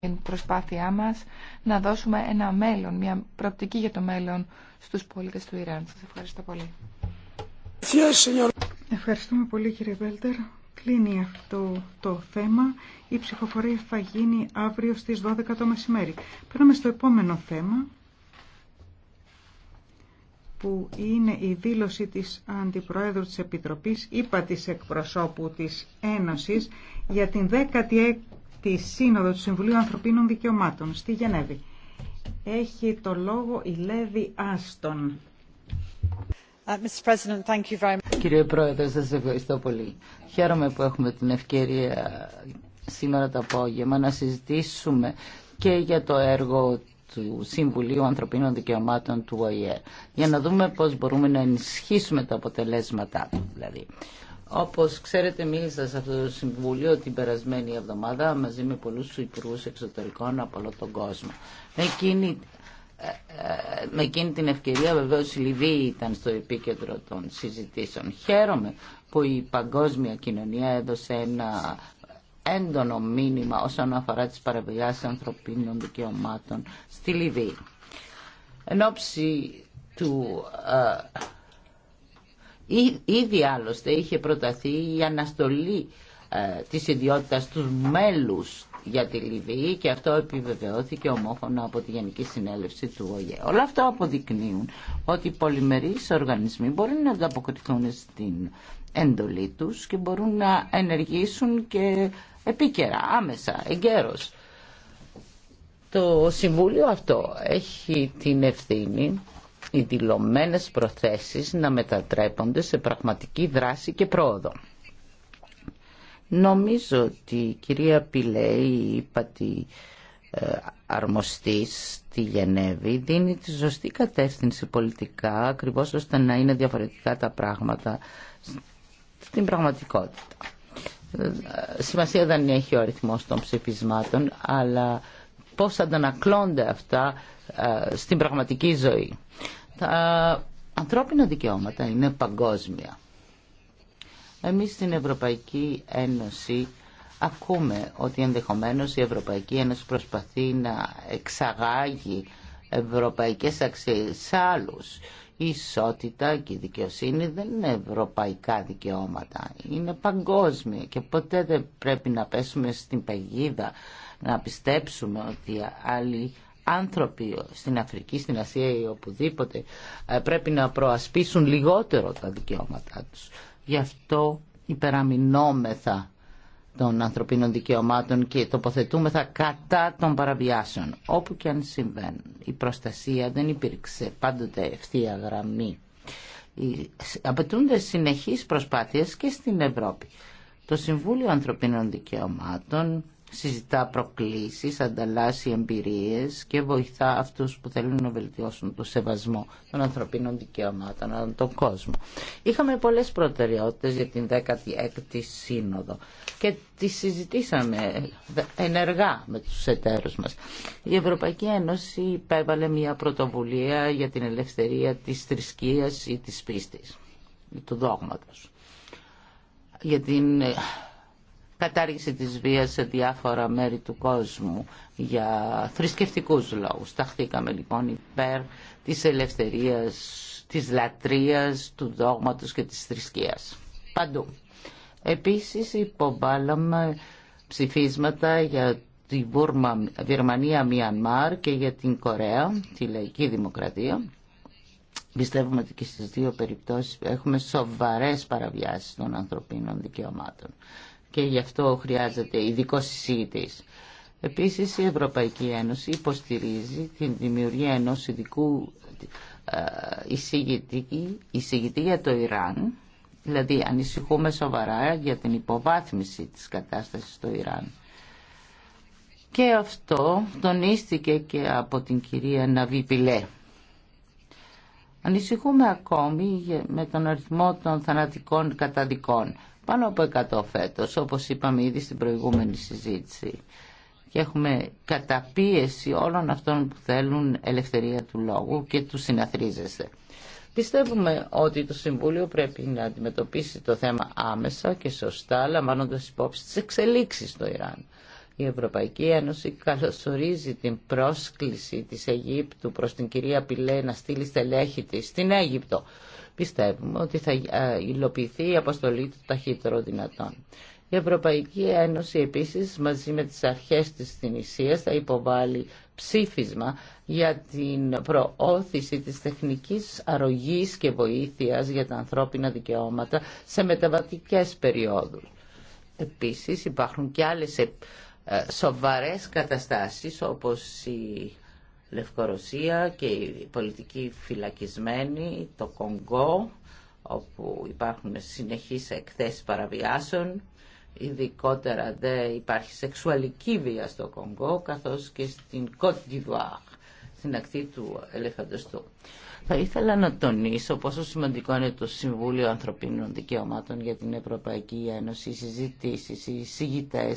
την προσπάθειά μας να δώσουμε ένα μέλλον, μια προοπτική για το μέλλον στους πολίτες του Ιράν. Σας ευχαριστώ πολύ. Ευχαριστούμε πολύ κύριε Βέλτερ. Κλείνει αυτό το θέμα. Η ψηφοφορία θα γίνει αύριο στις 12 το μεσημέρι. Περνάμε στο επόμενο θέμα που είναι η δήλωση της Αντιπροέδρου της Επιτροπής, είπα της εκπροσώπου της Ένωσης, για την 16η τη Σύνοδο του Συμβουλίου Ανθρωπίνων Δικαιωμάτων στη Γενέβη. Έχει το λόγο η Λέβη Άστον. Uh, Κύριε Πρόεδρε, σα ευχαριστώ πολύ. Χαίρομαι που έχουμε την ευκαιρία σήμερα το απόγευμα να συζητήσουμε και για το έργο του Συμβουλίου Ανθρωπίνων Δικαιωμάτων του ΟΗΕ για να δούμε πώς μπορούμε να ενισχύσουμε τα αποτελέσματά του. Δηλαδή. Όπως ξέρετε μίλησα σε αυτό το Συμβούλιο την περασμένη εβδομάδα μαζί με πολλούς υπουργούς εξωτερικών από όλο τον κόσμο. Με εκείνη, ε, ε, με εκείνη την ευκαιρία βεβαίως η Λιβύη ήταν στο επίκεντρο των συζητήσεων. Χαίρομαι που η παγκόσμια κοινωνία έδωσε ένα έντονο μήνυμα όσον αφορά τις παραβιάσεις ανθρωπίνων δικαιωμάτων στη Λιβύη. του ε, Ήδη άλλωστε είχε προταθεί η αναστολή ε, της ιδιότητας τους μέλους για τη Λιβύη και αυτό επιβεβαιώθηκε ομόφωνα από τη Γενική Συνέλευση του ΟΓΕ. Όλα αυτά αποδεικνύουν ότι οι πολυμερείς οργανισμοί μπορεί να ανταποκριθούν στην εντολή τους και μπορούν να ενεργήσουν και επίκαιρα, άμεσα, εγκαίρως. Το Συμβούλιο αυτό έχει την ευθύνη οι δηλωμένες προθέσεις να μετατρέπονται σε πραγματική δράση και πρόοδο. Νομίζω ότι η κυρία Πιλέη, η πατή ε, αρμοστής στη Γενέβη δίνει τη σωστή κατεύθυνση πολιτικά ακριβώς ώστε να είναι διαφορετικά τα πράγματα στην πραγματικότητα. Ε, σημασία δεν έχει ο αριθμός των ψηφισμάτων αλλά πώς αντανακλώνται αυτά ε, στην πραγματική ζωή. Τα ανθρώπινα δικαιώματα είναι παγκόσμια. Εμείς στην Ευρωπαϊκή Ένωση ακούμε ότι ενδεχομένως η Ευρωπαϊκή Ένωση προσπαθεί να εξαγάγει ευρωπαϊκές αξίες σε άλλους. Η ισότητα και η δικαιοσύνη δεν είναι ευρωπαϊκά δικαιώματα, είναι παγκόσμια και ποτέ δεν πρέπει να πέσουμε στην παγίδα να πιστέψουμε ότι άλλοι άνθρωποι στην Αφρική, στην Ασία ή οπουδήποτε ε, πρέπει να προασπίσουν λιγότερο τα δικαιώματά τους. Γι' αυτό υπεραμεινόμεθα των ανθρωπίνων δικαιωμάτων και τοποθετούμεθα κατά των παραβιάσεων. Όπου και αν συμβαίνουν, η προστασία δεν υπήρξε πάντοτε ευθεία γραμμή. Απαιτούνται συνεχείς προσπάθειες και στην Ευρώπη. Το Συμβούλιο Ανθρωπίνων Δικαιωμάτων συζητά προκλήσεις, ανταλλάσσει εμπειρίες και βοηθά αυτούς που θέλουν να βελτιώσουν το σεβασμό των ανθρωπίνων δικαιωμάτων ανά τον κόσμο. Είχαμε πολλές προτεραιότητες για την 16η Σύνοδο και τις συζητήσαμε ενεργά με τους εταίρους μας. Η Ευρωπαϊκή Ένωση υπέβαλε μια πρωτοβουλία για την ελευθερία της θρησκείας ή της πίστης, του δόγματος κατάργηση της βίας σε διάφορα μέρη του κόσμου για θρησκευτικούς λόγους. Ταχθήκαμε λοιπόν υπέρ της ελευθερίας, της λατρείας, του δόγματος και της θρησκείας. Παντού. Επίσης υποβάλαμε ψηφίσματα για τη Βούρμα, Μιανμάρ και για την Κορέα, τη Λαϊκή Δημοκρατία. Πιστεύουμε ότι και στις δύο περιπτώσεις έχουμε σοβαρές παραβιάσεις των ανθρωπίνων δικαιωμάτων και γι' αυτό χρειάζεται ειδικό συζήτης. Επίσης η Ευρωπαϊκή Ένωση υποστηρίζει την δημιουργία ενός ειδικού ε, εισηγητή, εισηγητή για το Ιράν, δηλαδή ανησυχούμε σοβαρά για την υποβάθμιση της κατάστασης στο Ιράν. Και αυτό τονίστηκε και από την κυρία Ναβί Πιλέ. Ανησυχούμε ακόμη με τον αριθμό των θανατικών καταδικών πάνω από 100 φέτος, όπως είπαμε ήδη στην προηγούμενη συζήτηση. Και έχουμε καταπίεση όλων αυτών που θέλουν ελευθερία του λόγου και του συναθρίζεστε. Πιστεύουμε ότι το Συμβούλιο πρέπει να αντιμετωπίσει το θέμα άμεσα και σωστά, λαμβάνοντας υπόψη τις εξελίξεις στο Ιράν. Η Ευρωπαϊκή Ένωση καλωσορίζει την πρόσκληση της Αιγύπτου προς την κυρία Πιλέ να στείλει στελέχη της στην Αίγυπτο Πιστεύουμε ότι θα ε, υλοποιηθεί η αποστολή του ταχύτερο δυνατόν. Η Ευρωπαϊκή Ένωση επίσης μαζί με τις αρχές της Τινησίας θα υποβάλει ψήφισμα για την προώθηση της τεχνικής αρρωγής και βοήθειας για τα ανθρώπινα δικαιώματα σε μεταβατικές περιόδους. Επίσης υπάρχουν και άλλες ε, σοβαρές καταστάσεις όπως η Λευκορωσία και οι πολιτικοί φυλακισμένοι, το Κονγκό, όπου υπάρχουν συνεχείς εκθέσεις παραβιάσεων, ειδικότερα δεν υπάρχει σεξουαλική βία στο Κονγκό, καθώς και στην Côte στην ακτή του Ελεφαντοστού. Θα ήθελα να τονίσω πόσο σημαντικό είναι το Συμβούλιο Ανθρωπίνων Δικαιωμάτων για την Ευρωπαϊκή Ένωση, οι συζητήσει, οι συγητέ,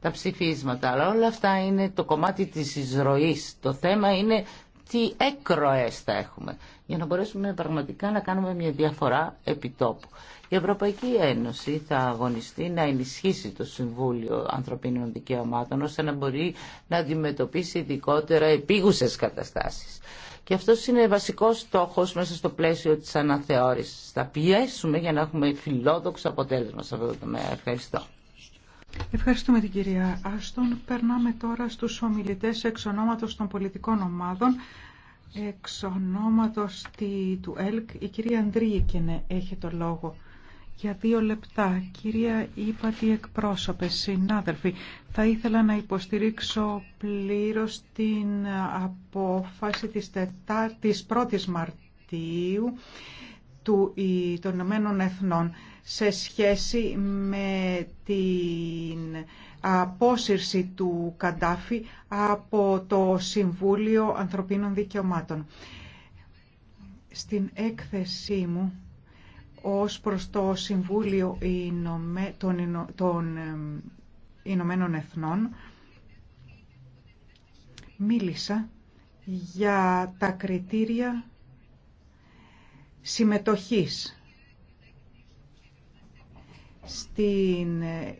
τα ψηφίσματα, αλλά όλα αυτά είναι το κομμάτι της εισρωή. Το θέμα είναι τι έκροε θα έχουμε για να μπορέσουμε πραγματικά να κάνουμε μια διαφορά επιτόπου. Η Ευρωπαϊκή Ένωση θα αγωνιστεί να ενισχύσει το Συμβούλιο Ανθρωπίνων Δικαιωμάτων ώστε να μπορεί να αντιμετωπίσει ειδικότερα επίγουσες καταστάσεις. Και αυτό είναι βασικός στόχο μέσα στο πλαίσιο της αναθεώρησης. Θα πιέσουμε για να έχουμε φιλόδοξο αποτέλεσμα σε αυτό το τομέα. Ευχαριστώ. Ευχαριστούμε την κυρία Άστον. Περνάμε τώρα στους ομιλητές εξ ονόματος των πολιτικών ομάδων. Εξ ονόματος του ΕΛΚ, η κυρία Αντρίκενε έχει το λόγο για δύο λεπτά. Κυρία Ήπατη εκπρόσωπε, συνάδελφοι, θα ήθελα να υποστηρίξω πλήρως την απόφαση της, 1ης Μαρτίου του, των Ηνωμένων Εθνών σε σχέση με την απόσυρση του Καντάφη από το Συμβούλιο Ανθρωπίνων Δικαιωμάτων. Στην έκθεσή μου ως προς το Συμβούλιο των Ηνωμένων Εθνών μίλησα για τα κριτήρια συμμετοχής στην ε,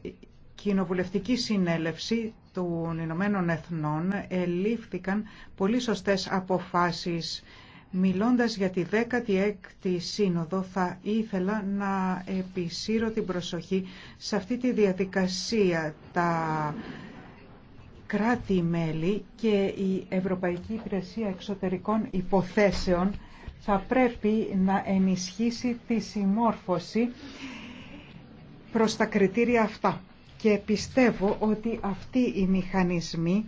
κοινοβουλευτική συνέλευση των Ηνωμένων Εθνών ελήφθηκαν πολύ σωστές αποφάσεις Μιλώντας για τη 16η Σύνοδο θα ήθελα να επισύρω την προσοχή σε αυτή τη διαδικασία τα κράτη-μέλη και η Ευρωπαϊκή Υπηρεσία Εξωτερικών Υποθέσεων θα πρέπει να ενισχύσει τη συμμόρφωση προς τα κριτήρια αυτά. Και πιστεύω ότι αυτοί οι μηχανισμοί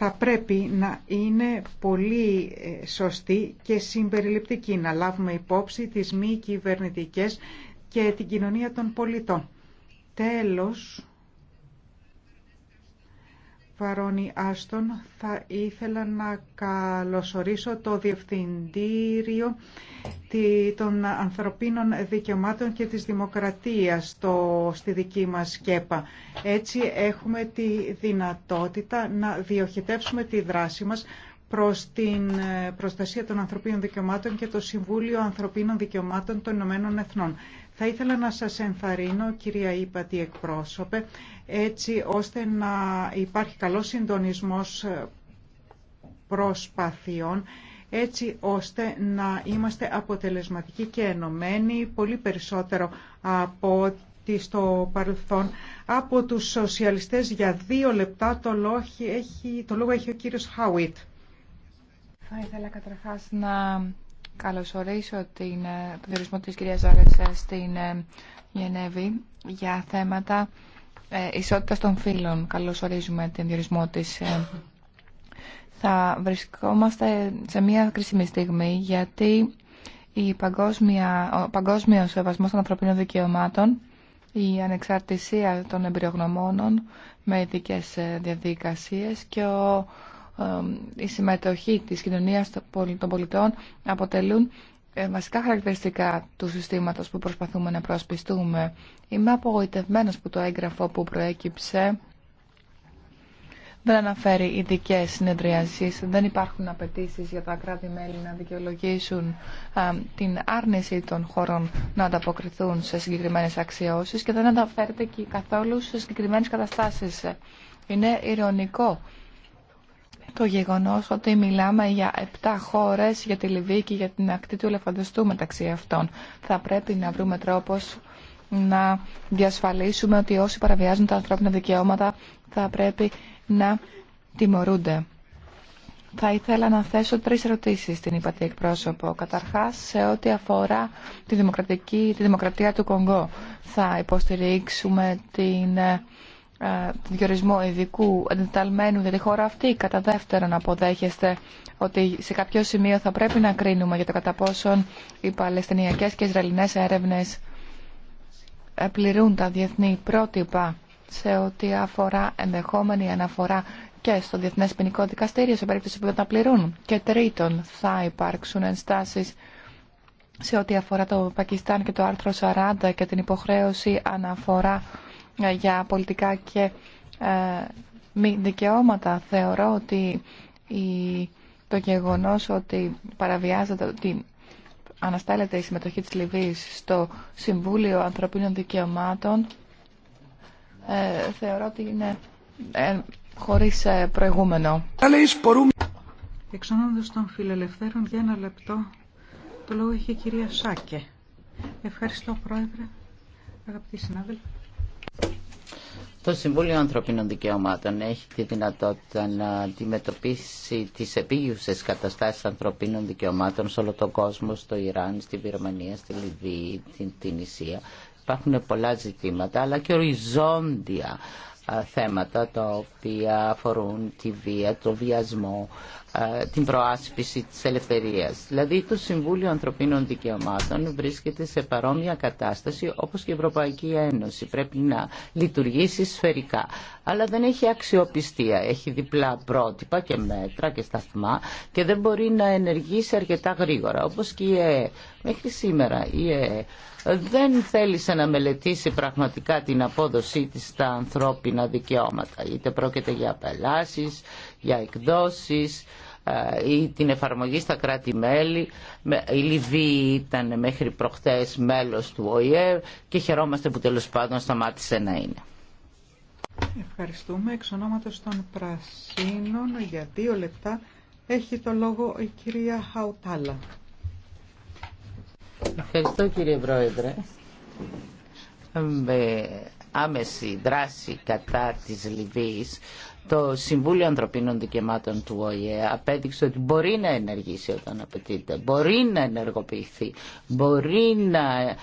θα πρέπει να είναι πολύ ε, σωστή και συμπεριληπτική, να λάβουμε υπόψη τις μη κυβερνητικές και την κοινωνία των πολιτών. Τέλος, Βαρόνι Άστον, θα ήθελα να καλωσορίσω το Διευθυντήριο των Ανθρωπίνων Δικαιωμάτων και της Δημοκρατίας στο, στη δική μας ΚΕΠΑ. Έτσι έχουμε τη δυνατότητα να διοχετεύσουμε τη δράση μας προς την ε, προστασία των ανθρωπίνων δικαιωμάτων και το Συμβούλιο Ανθρωπίνων Δικαιωμάτων των Ηνωμένων Εθνών. Θα ήθελα να σας ενθαρρύνω, κυρία Ήπατη εκπρόσωπε, έτσι ώστε να υπάρχει καλός συντονισμός προσπαθειών, έτσι ώστε να είμαστε αποτελεσματικοί και ενωμένοι πολύ περισσότερο από ότι στο παρελθόν από τους σοσιαλιστές για δύο λεπτά το λόγο έχει, το λόγο έχει ο κύριος Χάουιτ. Θα ήθελα καταρχάς να καλωσορίσω την, ε, τον διορισμό της κυρίας Ζάρες ε, στην ε, Γενέβη για θέματα ε, ισότητας των φύλων. Καλωσορίζουμε την διορισμό της. θα βρισκόμαστε σε μια κρίσιμη στιγμή γιατί η παγκόσμια, ο παγκόσμιος σεβασμός των ανθρωπίνων δικαιωμάτων η ανεξαρτησία των εμπειρογνωμόνων με ειδικέ διαδικασίες και ο η συμμετοχή της κοινωνίας των πολιτών αποτελούν ε, βασικά χαρακτηριστικά του συστήματος που προσπαθούμε να προασπιστούμε. Είμαι απογοητευμένος που το έγγραφο που προέκυψε δεν αναφέρει ειδικέ συνεδριασίε, δεν υπάρχουν απαιτήσει για τα κράτη-μέλη να δικαιολογήσουν την άρνηση των χωρών να ανταποκριθούν σε συγκεκριμένες αξιώσει και δεν αναφέρεται και καθόλου σε συγκεκριμένες καταστάσεις. Είναι ηρωνικό το γεγονός ότι μιλάμε για 7 χώρες για τη Λιβύη και για την ακτή του Λεφαντοστού μεταξύ αυτών. Θα πρέπει να βρούμε τρόπος να διασφαλίσουμε ότι όσοι παραβιάζουν τα ανθρώπινα δικαιώματα θα πρέπει να τιμωρούνται. Θα ήθελα να θέσω τρεις ερωτήσεις στην υπατή εκπρόσωπο. Καταρχάς, σε ό,τι αφορά τη, δημοκρατική, τη δημοκρατία του Κονγκό, θα υποστηρίξουμε την ε, ε, διορισμό ειδικού εντεταλμένου για τη χώρα αυτή. Κατά δεύτερον, αποδέχεστε ότι σε κάποιο σημείο θα πρέπει να κρίνουμε για το κατά πόσον οι Παλαιστινιακές και Ισραηλινές έρευνες πληρούν τα διεθνή πρότυπα σε ό,τι αφορά ενδεχόμενη αναφορά και στο διεθνέ Ποινικό Δικαστήριο σε περίπτωση που δεν τα πληρούν. Και τρίτον, θα υπάρξουν ενστάσει σε ό,τι αφορά το Πακιστάν και το άρθρο 40 και την υποχρέωση αναφορά για πολιτικά και ε, μη δικαιώματα. Θεωρώ ότι το γεγονός ότι παραβιάζεται, ότι αναστέλλεται η συμμετοχή της Λιβύης στο Συμβούλιο Ανθρωπίνων Δικαιωμάτων ε, θεωρώ ότι είναι ε, χωρίς προηγούμενο. Εξονόντως των φιλελευθέρων για ένα λεπτό το λόγο έχει η κυρία Σάκε. Ευχαριστώ πρόεδρε, αγαπητοί συνάδελφοι. Το Συμβούλιο Ανθρωπίνων Δικαιωμάτων έχει τη δυνατότητα να αντιμετωπίσει τις επίγουσε καταστάσεις ανθρωπίνων δικαιωμάτων σε όλο τον κόσμο, στο Ιράν, στη Βερμανία, στη Λιβύη, την Ισία. Υπάρχουν πολλά ζητήματα, αλλά και οριζόντια θέματα τα οποία αφορούν τη βία, το βιασμό, ε, την προάσπιση της ελευθερίας. Δηλαδή το Συμβούλιο Ανθρωπίνων Δικαιωμάτων βρίσκεται σε παρόμοια κατάσταση όπως και η Ευρωπαϊκή Ένωση. Πρέπει να λειτουργήσει σφαιρικά. Αλλά δεν έχει αξιοπιστία. Έχει διπλά πρότυπα και μέτρα και σταθμά και δεν μπορεί να ενεργήσει αρκετά γρήγορα. Όπως και η ΕΕ. Μέχρι σήμερα η ΕΕ δεν θέλησε να μελετήσει πραγματικά την απόδοσή της στα ανθρώπινα δικαιώματα. Είτε πρόκειται για απελάσεις, για εκδόσεις ε, ή την εφαρμογή στα κράτη-μέλη. Η Λιβύη ήταν μέχρι προχθές μέλος του ΟΗΕ και χαιρόμαστε που τέλος πάντων σταμάτησε να είναι. Ευχαριστούμε. Εξ ονόματος των Πρασίνων για δύο λεπτά έχει το λόγο η κυρία Χαουτάλα. Ευχαριστώ κύριε Πρόεδρε. Ε, με άμεση δράση κατά της Λιβύης το Συμβούλιο Ανθρωπίνων Δικαιωμάτων του ΟΗΕ απέδειξε ότι μπορεί να ενεργήσει όταν απαιτείται, μπορεί να ενεργοποιηθεί, μπορεί να... Ε,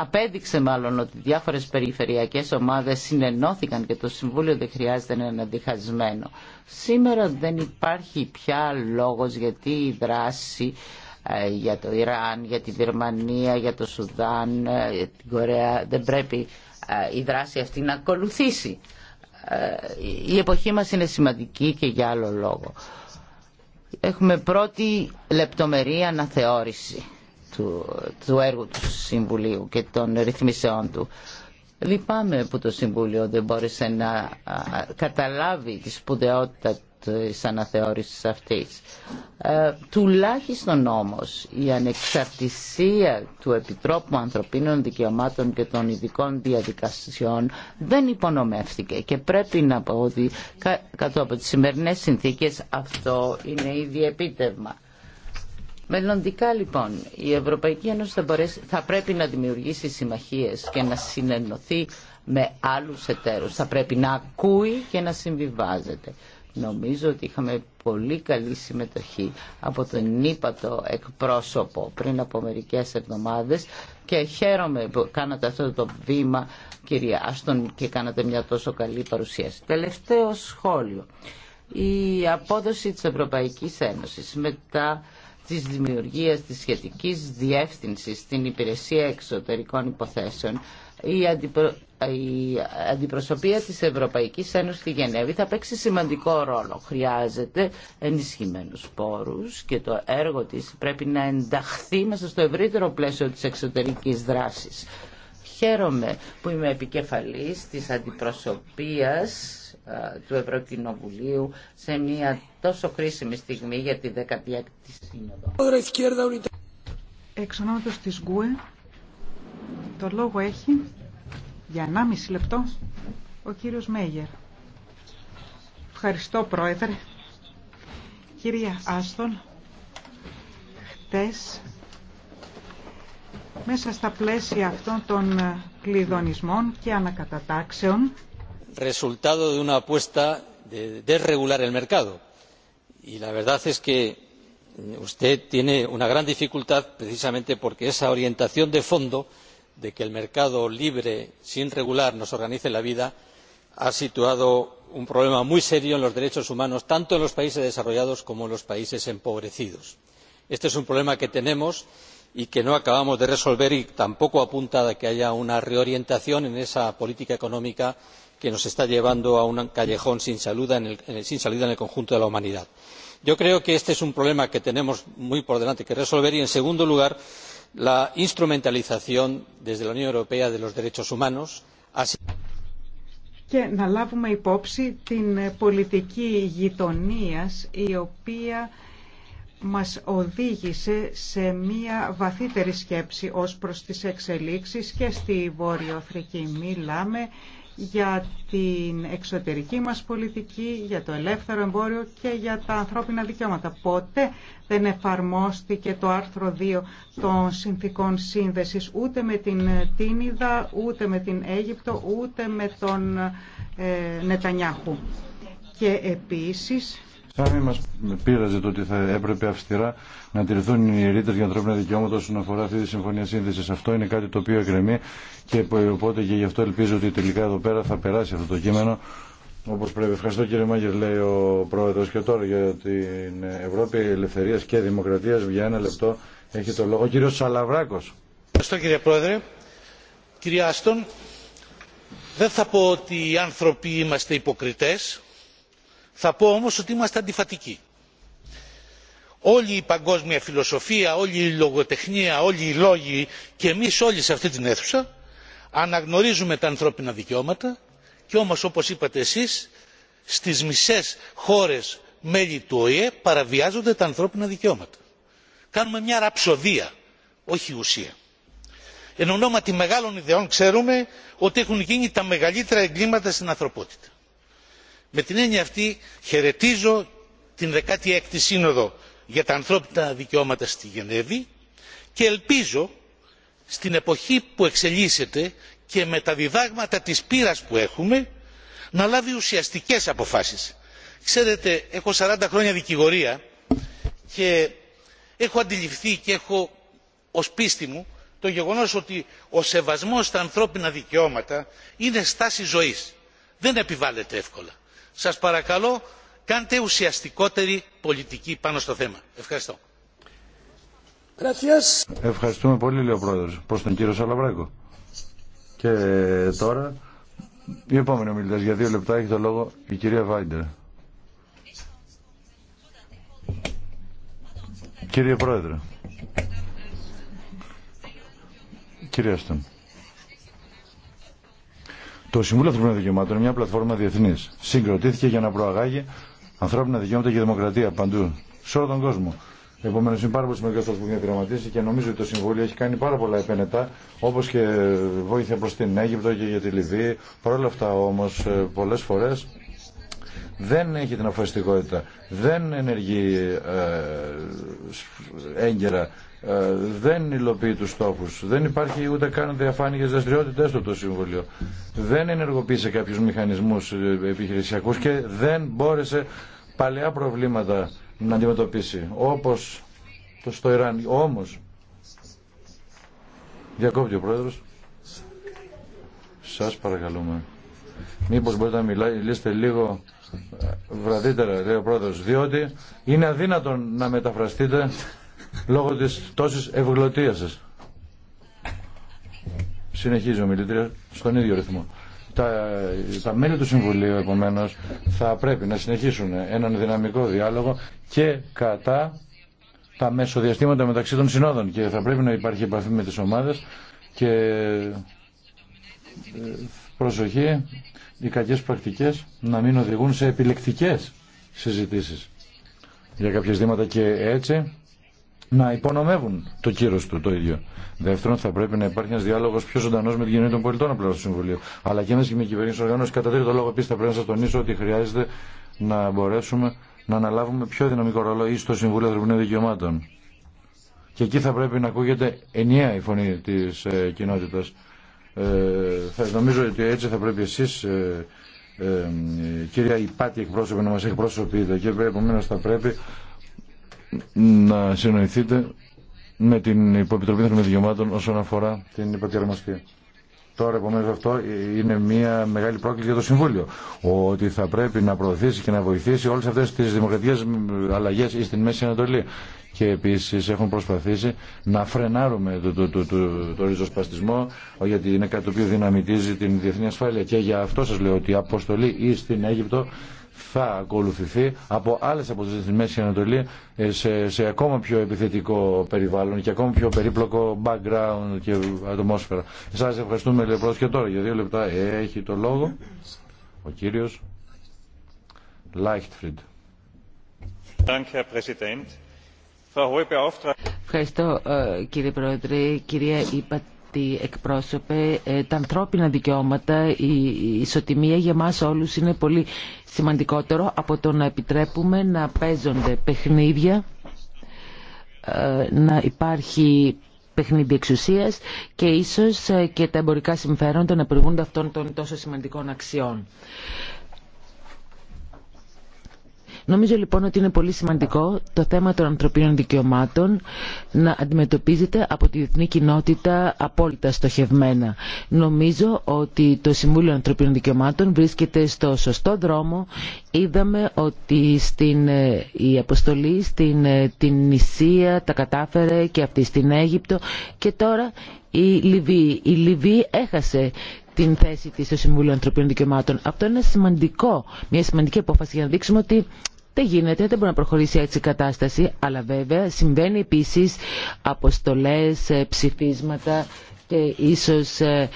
απέδειξε μάλλον ότι διάφορες περιφερειακές ομάδες συνενώθηκαν και το Συμβούλιο δεν χρειάζεται να είναι διχασμένο. Σήμερα δεν υπάρχει πια λόγος γιατί η δράση ε, για το Ιράν, για τη Βερμανία, για το Σουδάν, για ε, την Κορέα δεν πρέπει η δράση αυτή να ακολουθήσει ε, η εποχή μας είναι σημαντική και για άλλο λόγο. Έχουμε πρώτη λεπτομερή αναθεώρηση του, του έργου του Συμβουλίου και των ρυθμισεών του. Λυπάμαι που το Συμβούλιο δεν μπόρεσε να καταλάβει τη σπουδαιότητα Τη αναθεώρηση αυτής. Ε, τουλάχιστον όμως η ανεξαρτησία του Επιτρόπου Ανθρωπίνων Δικαιωμάτων και των ειδικών διαδικασιών δεν υπονομεύθηκε και πρέπει να πω ότι κάτω από τις σημερινές συνθήκες αυτό είναι ήδη επίτευμα. Μελλοντικά λοιπόν η Ευρωπαϊκή Ένωση θα, θα πρέπει να δημιουργήσει συμμαχίες και να συνενωθεί με άλλους εταίρους. Θα πρέπει να ακούει και να συμβιβάζεται. Νομίζω ότι είχαμε πολύ καλή συμμετοχή από τον ύπατο εκπρόσωπο πριν από μερικές εβδομάδες και χαίρομαι που κάνατε αυτό το βήμα κυρία Άστον και κάνατε μια τόσο καλή παρουσίαση. Τελευταίο σχόλιο. Η απόδοση της Ευρωπαϊκής Ένωσης μετά της δημιουργίας της σχετικής διεύθυνσης στην υπηρεσία εξωτερικών υποθέσεων η, αντιπρο... αντιπροσωπεία της Ευρωπαϊκής Ένωσης στη Γενέβη θα παίξει σημαντικό ρόλο. Χρειάζεται ενισχυμένους πόρους και το έργο της πρέπει να ενταχθεί μέσα στο ευρύτερο πλαίσιο της εξωτερικής δράσης. Χαίρομαι που είμαι επικεφαλής της αντιπροσωπείας του Ευρωκοινοβουλίου σε μια τόσο κρίσιμη στιγμή για τη 16η Σύνοδο. της το λόγο έχει για 1,5 λεπτό ο κύριος Μέγερ. Ευχαριστώ πρόεδρε. Κυρία Άστον, χτες μέσα στα πλαίσια αυτών των κλειδονισμών και ανακατατάξεων resultado de una apuesta de desregular el mercado y la verdad es que usted tiene una gran dificultad precisamente porque esa orientación de fondo de que el mercado libre sin regular nos organice la vida ha situado un problema muy serio en los derechos humanos tanto en los países desarrollados como en los países empobrecidos. este es un problema que tenemos y que no acabamos de resolver y tampoco apunta a que haya una reorientación en esa política económica que nos está llevando a un callejón sin salida en el conjunto de la humanidad. yo creo que este es un problema que tenemos muy por delante que resolver y en segundo lugar και να λάβουμε υπόψη την πολιτική γειτονίας η οποία μας οδήγησε σε μία βαθύτερη σκέψη ως προς τις εξελίξεις και στη Βόρειο Αφρική. Μιλάμε για την εξωτερική μας πολιτική, για το ελεύθερο εμπόριο και για τα ανθρώπινα δικαιώματα. Ποτέ δεν εφαρμόστηκε το άρθρο 2 των συνθήκων σύνδεσης ούτε με την Τίνιδα, ούτε με την Αίγυπτο, ούτε με τον ε, Νετανιάχου. Και επίσης θα μην μας πείραζε το ότι θα έπρεπε αυστηρά να τηρηθούν οι ρήτρε για ανθρώπινα δικαιώματα όσον αφορά αυτή τη συμφωνία σύνδεση. Αυτό είναι κάτι το οποίο εκκρεμεί και οπότε και γι' αυτό ελπίζω ότι τελικά εδώ πέρα θα περάσει αυτό το κείμενο όπω πρέπει. Ευχαριστώ κύριε Μάγκερ, λέει ο πρόεδρο. Και τώρα για την Ευρώπη Ελευθερία και Δημοκρατία, για ένα λεπτό έχει το λόγο ο κύριο Σαλαβράκο. Ευχαριστώ κύριε πρόεδρε. Κυρία Άστον, δεν θα πω ότι οι άνθρωποι είμαστε υποκριτές θα πω όμως ότι είμαστε αντιφατικοί. όλη η παγκόσμια φιλοσοφία όλη η λογοτεχνία όλοι οι λόγοι και εμείς όλοι σε αυτή την αίθουσα αναγνωρίζουμε τα ανθρώπινα δικαιώματα και όμως όπως είπατε εσείς στις μισές χώρες μέλη του οηε παραβιάζονται τα ανθρώπινα δικαιώματα. κάνουμε μια ραψοδία όχι ουσία. εν ονόματι μεγάλων ιδεών ξέρουμε ότι έχουν γίνει τα μεγαλύτερα εγκλήματα στην ανθρωπότητα με την έννοια αυτή χαιρετίζω την 16 έκτη σύνοδο για τα ανθρώπινα δικαιώματα στη γενέβη και ελπίζω στην εποχή που εξελίσσεται και με τα διδάγματα της πείρας που έχουμε να λάβει ουσιαστικές αποφάσεις. ξέρετε έχω 40 χρόνια δικηγορία και έχω αντιληφθεί και έχω ως πίστη μου το γεγονός ότι ο σεβασμός στα ανθρώπινα δικαιώματα είναι στάση ζωής. δεν επιβάλλεται εύκολα σας παρακαλώ κάντε ουσιαστικότερη πολιτική πάνω στο θέμα. Ευχαριστώ. Ευχαριστούμε πολύ, λέει ο Πρόεδρος, προς τον κύριο Σαλαβράκο. Και τώρα, η επόμενη ομιλητές για δύο λεπτά έχει το λόγο η κυρία Βάιντερ. Κύριε Πρόεδρε. Κυρία Στον. Το Συμβούλιο Ανθρωπίνων Δικαιωμάτων είναι μια πλατφόρμα διεθνή. Συγκροτήθηκε για να προαγάγει ανθρώπινα δικαιώματα και δημοκρατία παντού, σε όλο τον κόσμο. Επομένω, είναι πάρα πολύ σημαντικό αυτό που έχει διαδραματίσει και νομίζω ότι το Συμβούλιο έχει κάνει πάρα πολλά επένετα, όπω και βοήθεια προ την Αίγυπτο και για τη Λιβύη. Παρ' όλα αυτά όμω, ε, πολλέ φορέ δεν έχει την αφοριστικότητα, δεν ενεργεί ε, έγκαιρα, ε, δεν υλοποιεί τους στόχους, δεν υπάρχει ούτε καν διαφάνεια για στο το Συμβουλίο, δεν ενεργοποίησε κάποιους μηχανισμούς ε, επιχειρησιακούς και δεν μπόρεσε παλαιά προβλήματα να αντιμετωπίσει, όπως το στο Ιράν. Όμως, διακόπτει ο Πρόεδρος, σας παρακαλούμε. Μήπως μπορείτε να μιλήσετε λίγο βραδύτερα, λέει ο πρόεδρο, διότι είναι αδύνατο να μεταφραστείτε λόγω της τόσης ευγλωτία σας. Συνεχίζει ο μιλήτρια στον ίδιο ρυθμό. Τα, τα μέλη του Συμβουλίου, επομένως, θα πρέπει να συνεχίσουν έναν δυναμικό διάλογο και κατά τα μεσοδιαστήματα μεταξύ των συνόδων και θα πρέπει να υπάρχει επαφή με τις ομάδες και ε, προσοχή οι κακές πρακτικές να μην οδηγούν σε επιλεκτικές συζητήσεις για κάποια ζητήματα και έτσι να υπονομεύουν το κύρος του το ίδιο. Δεύτερον, θα πρέπει να υπάρχει ένα διάλογο πιο ζωντανό με την κοινωνία των πολιτών απλά στο Συμβουλίο. Αλλά και μέσα και με κυβερνήσει οργανώσει. Κατά τρίτο λόγο, επίση, θα πρέπει να σα τονίσω ότι χρειάζεται να μπορέσουμε να αναλάβουμε πιο δυναμικό ρόλο ή στο Συμβούλιο Ανθρωπίνων Δικαιωμάτων. Και εκεί θα πρέπει να ακούγεται ενιαία η φωνή τη ε, κοινότητα. Ε, θα, νομίζω ότι έτσι θα πρέπει εσείς ε, ε κυρία Υπάτη εκπρόσωπη να μας εκπροσωπείτε και επομένως θα πρέπει να συνοηθείτε με την Υποεπιτροπή των Δικαιωμάτων όσον αφορά την υποκαιρμοστία. Τώρα, επομένω, αυτό είναι μια μεγάλη πρόκληση για το Συμβούλιο. Ότι θα πρέπει να προωθήσει και να βοηθήσει όλε αυτέ τι δημοκρατικέ αλλαγέ στην Μέση Ανατολή. Και επίση έχουν προσπαθήσει να φρενάρουμε το, το, το, το, το ριζοσπαστισμό, γιατί είναι κάτι το οποίο δυναμητίζει την διεθνή ασφάλεια. Και για αυτό σα λέω ότι η αποστολή ή στην Αίγυπτο θα ακολουθηθεί από άλλες αποστολέ στη Μέση Ανατολή ε, σε, σε ακόμα πιο επιθετικό περιβάλλον και ακόμα πιο περίπλοκο background και ατμόσφαιρα. σα ευχαριστούμε λοιπόν και τώρα για δύο λεπτά έχει το λόγο ο κύριος Λάιχτφριντ. Ευχαριστώ ε, κύριε Πρόεδρε, κυρία Υπατή εκπρόσωπε ε, τα ανθρώπινα δικαιώματα, η ισοτιμία για μας όλους είναι πολύ σημαντικότερο από το να επιτρέπουμε να παίζονται παιχνίδια, ε, να υπάρχει παιχνίδι εξουσίας και ίσως ε, και τα εμπορικά συμφέροντα να προηγούνται αυτών των τόσο σημαντικών αξιών. Νομίζω λοιπόν ότι είναι πολύ σημαντικό το θέμα των ανθρωπίνων δικαιωμάτων να αντιμετωπίζεται από τη διεθνή κοινότητα απόλυτα στοχευμένα. Νομίζω ότι το Συμβούλιο Ανθρωπίνων Δικαιωμάτων βρίσκεται στο σωστό δρόμο. Είδαμε ότι στην, ε, η αποστολή στην ε, την Ισία τα κατάφερε και αυτή στην Αίγυπτο και τώρα η Λιβύη. Η Λιβύη έχασε την θέση της στο Συμβούλιο Ανθρωπίνων Δικαιωμάτων. Αυτό είναι σημαντικό, μια σημαντική απόφαση για να δείξουμε ότι δεν γίνεται, δεν μπορεί να προχωρήσει έτσι η κατάσταση, αλλά βέβαια συμβαίνει επίσης αποστολές, ε, ψηφίσματα και ίσως ε,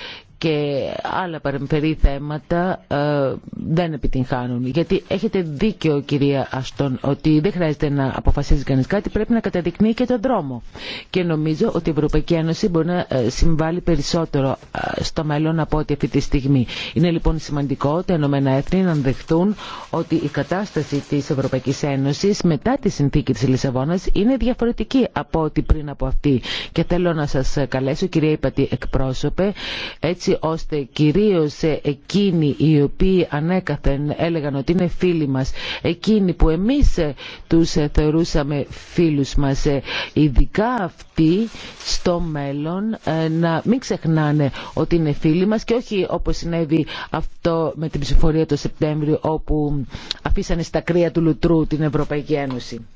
και άλλα παρεμφερή θέματα ε, δεν επιτυγχάνουν. Γιατί έχετε δίκιο κυρία Αστον ότι δεν χρειάζεται να αποφασίζει κανεί κάτι, πρέπει να καταδεικνύει και τον δρόμο. Και νομίζω ότι η Ευρωπαϊκή Ένωση μπορεί να ε, συμβάλλει περισσότερο ε, στο μέλλον από ό,τι αυτή τη στιγμή. Είναι λοιπόν σημαντικό τα Ηνωμένα Έθνη να δεχθούν ότι η κατάσταση τη Ευρωπαϊκή Ένωση μετά τη συνθήκη τη Λισαβόνα είναι διαφορετική από ό,τι πριν από αυτή. Και θέλω να σα καλέσω κυρία Υπατή εκπρόσωπε έτσι έτσι ώστε κυρίως εκείνοι οι οποίοι ανέκαθεν έλεγαν ότι είναι φίλοι μας, εκείνοι που εμείς ε, τους ε, θεωρούσαμε φίλους μας, ε, ειδικά αυτοί στο μέλλον να μην ξεχνάνε ότι είναι φίλοι μας και όχι όπως συνέβη αυτό με την ψηφορία το Σεπτέμβριο όπου αφήσανε στα κρύα του Λουτρού την Ευρωπαϊκή Ένωση.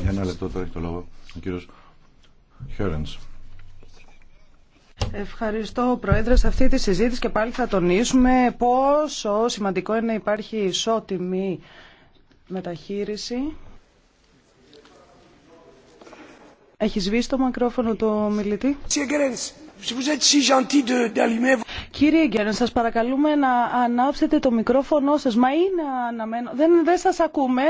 Για ένα λεπτό το λόγο ο κύριος Ευχαριστώ, Πρόεδρε. Σε αυτή τη συζήτηση και πάλι θα τονίσουμε πόσο σημαντικό είναι να υπάρχει ισότιμη μεταχείριση. Έχει σβήσει το μικρόφωνο του μιλητή. Κύριε Γκέρεν, σας παρακαλούμε να ανάψετε το μικρόφωνο σας. Μα είναι αναμένο. Δεν, δεν σας ακούμε.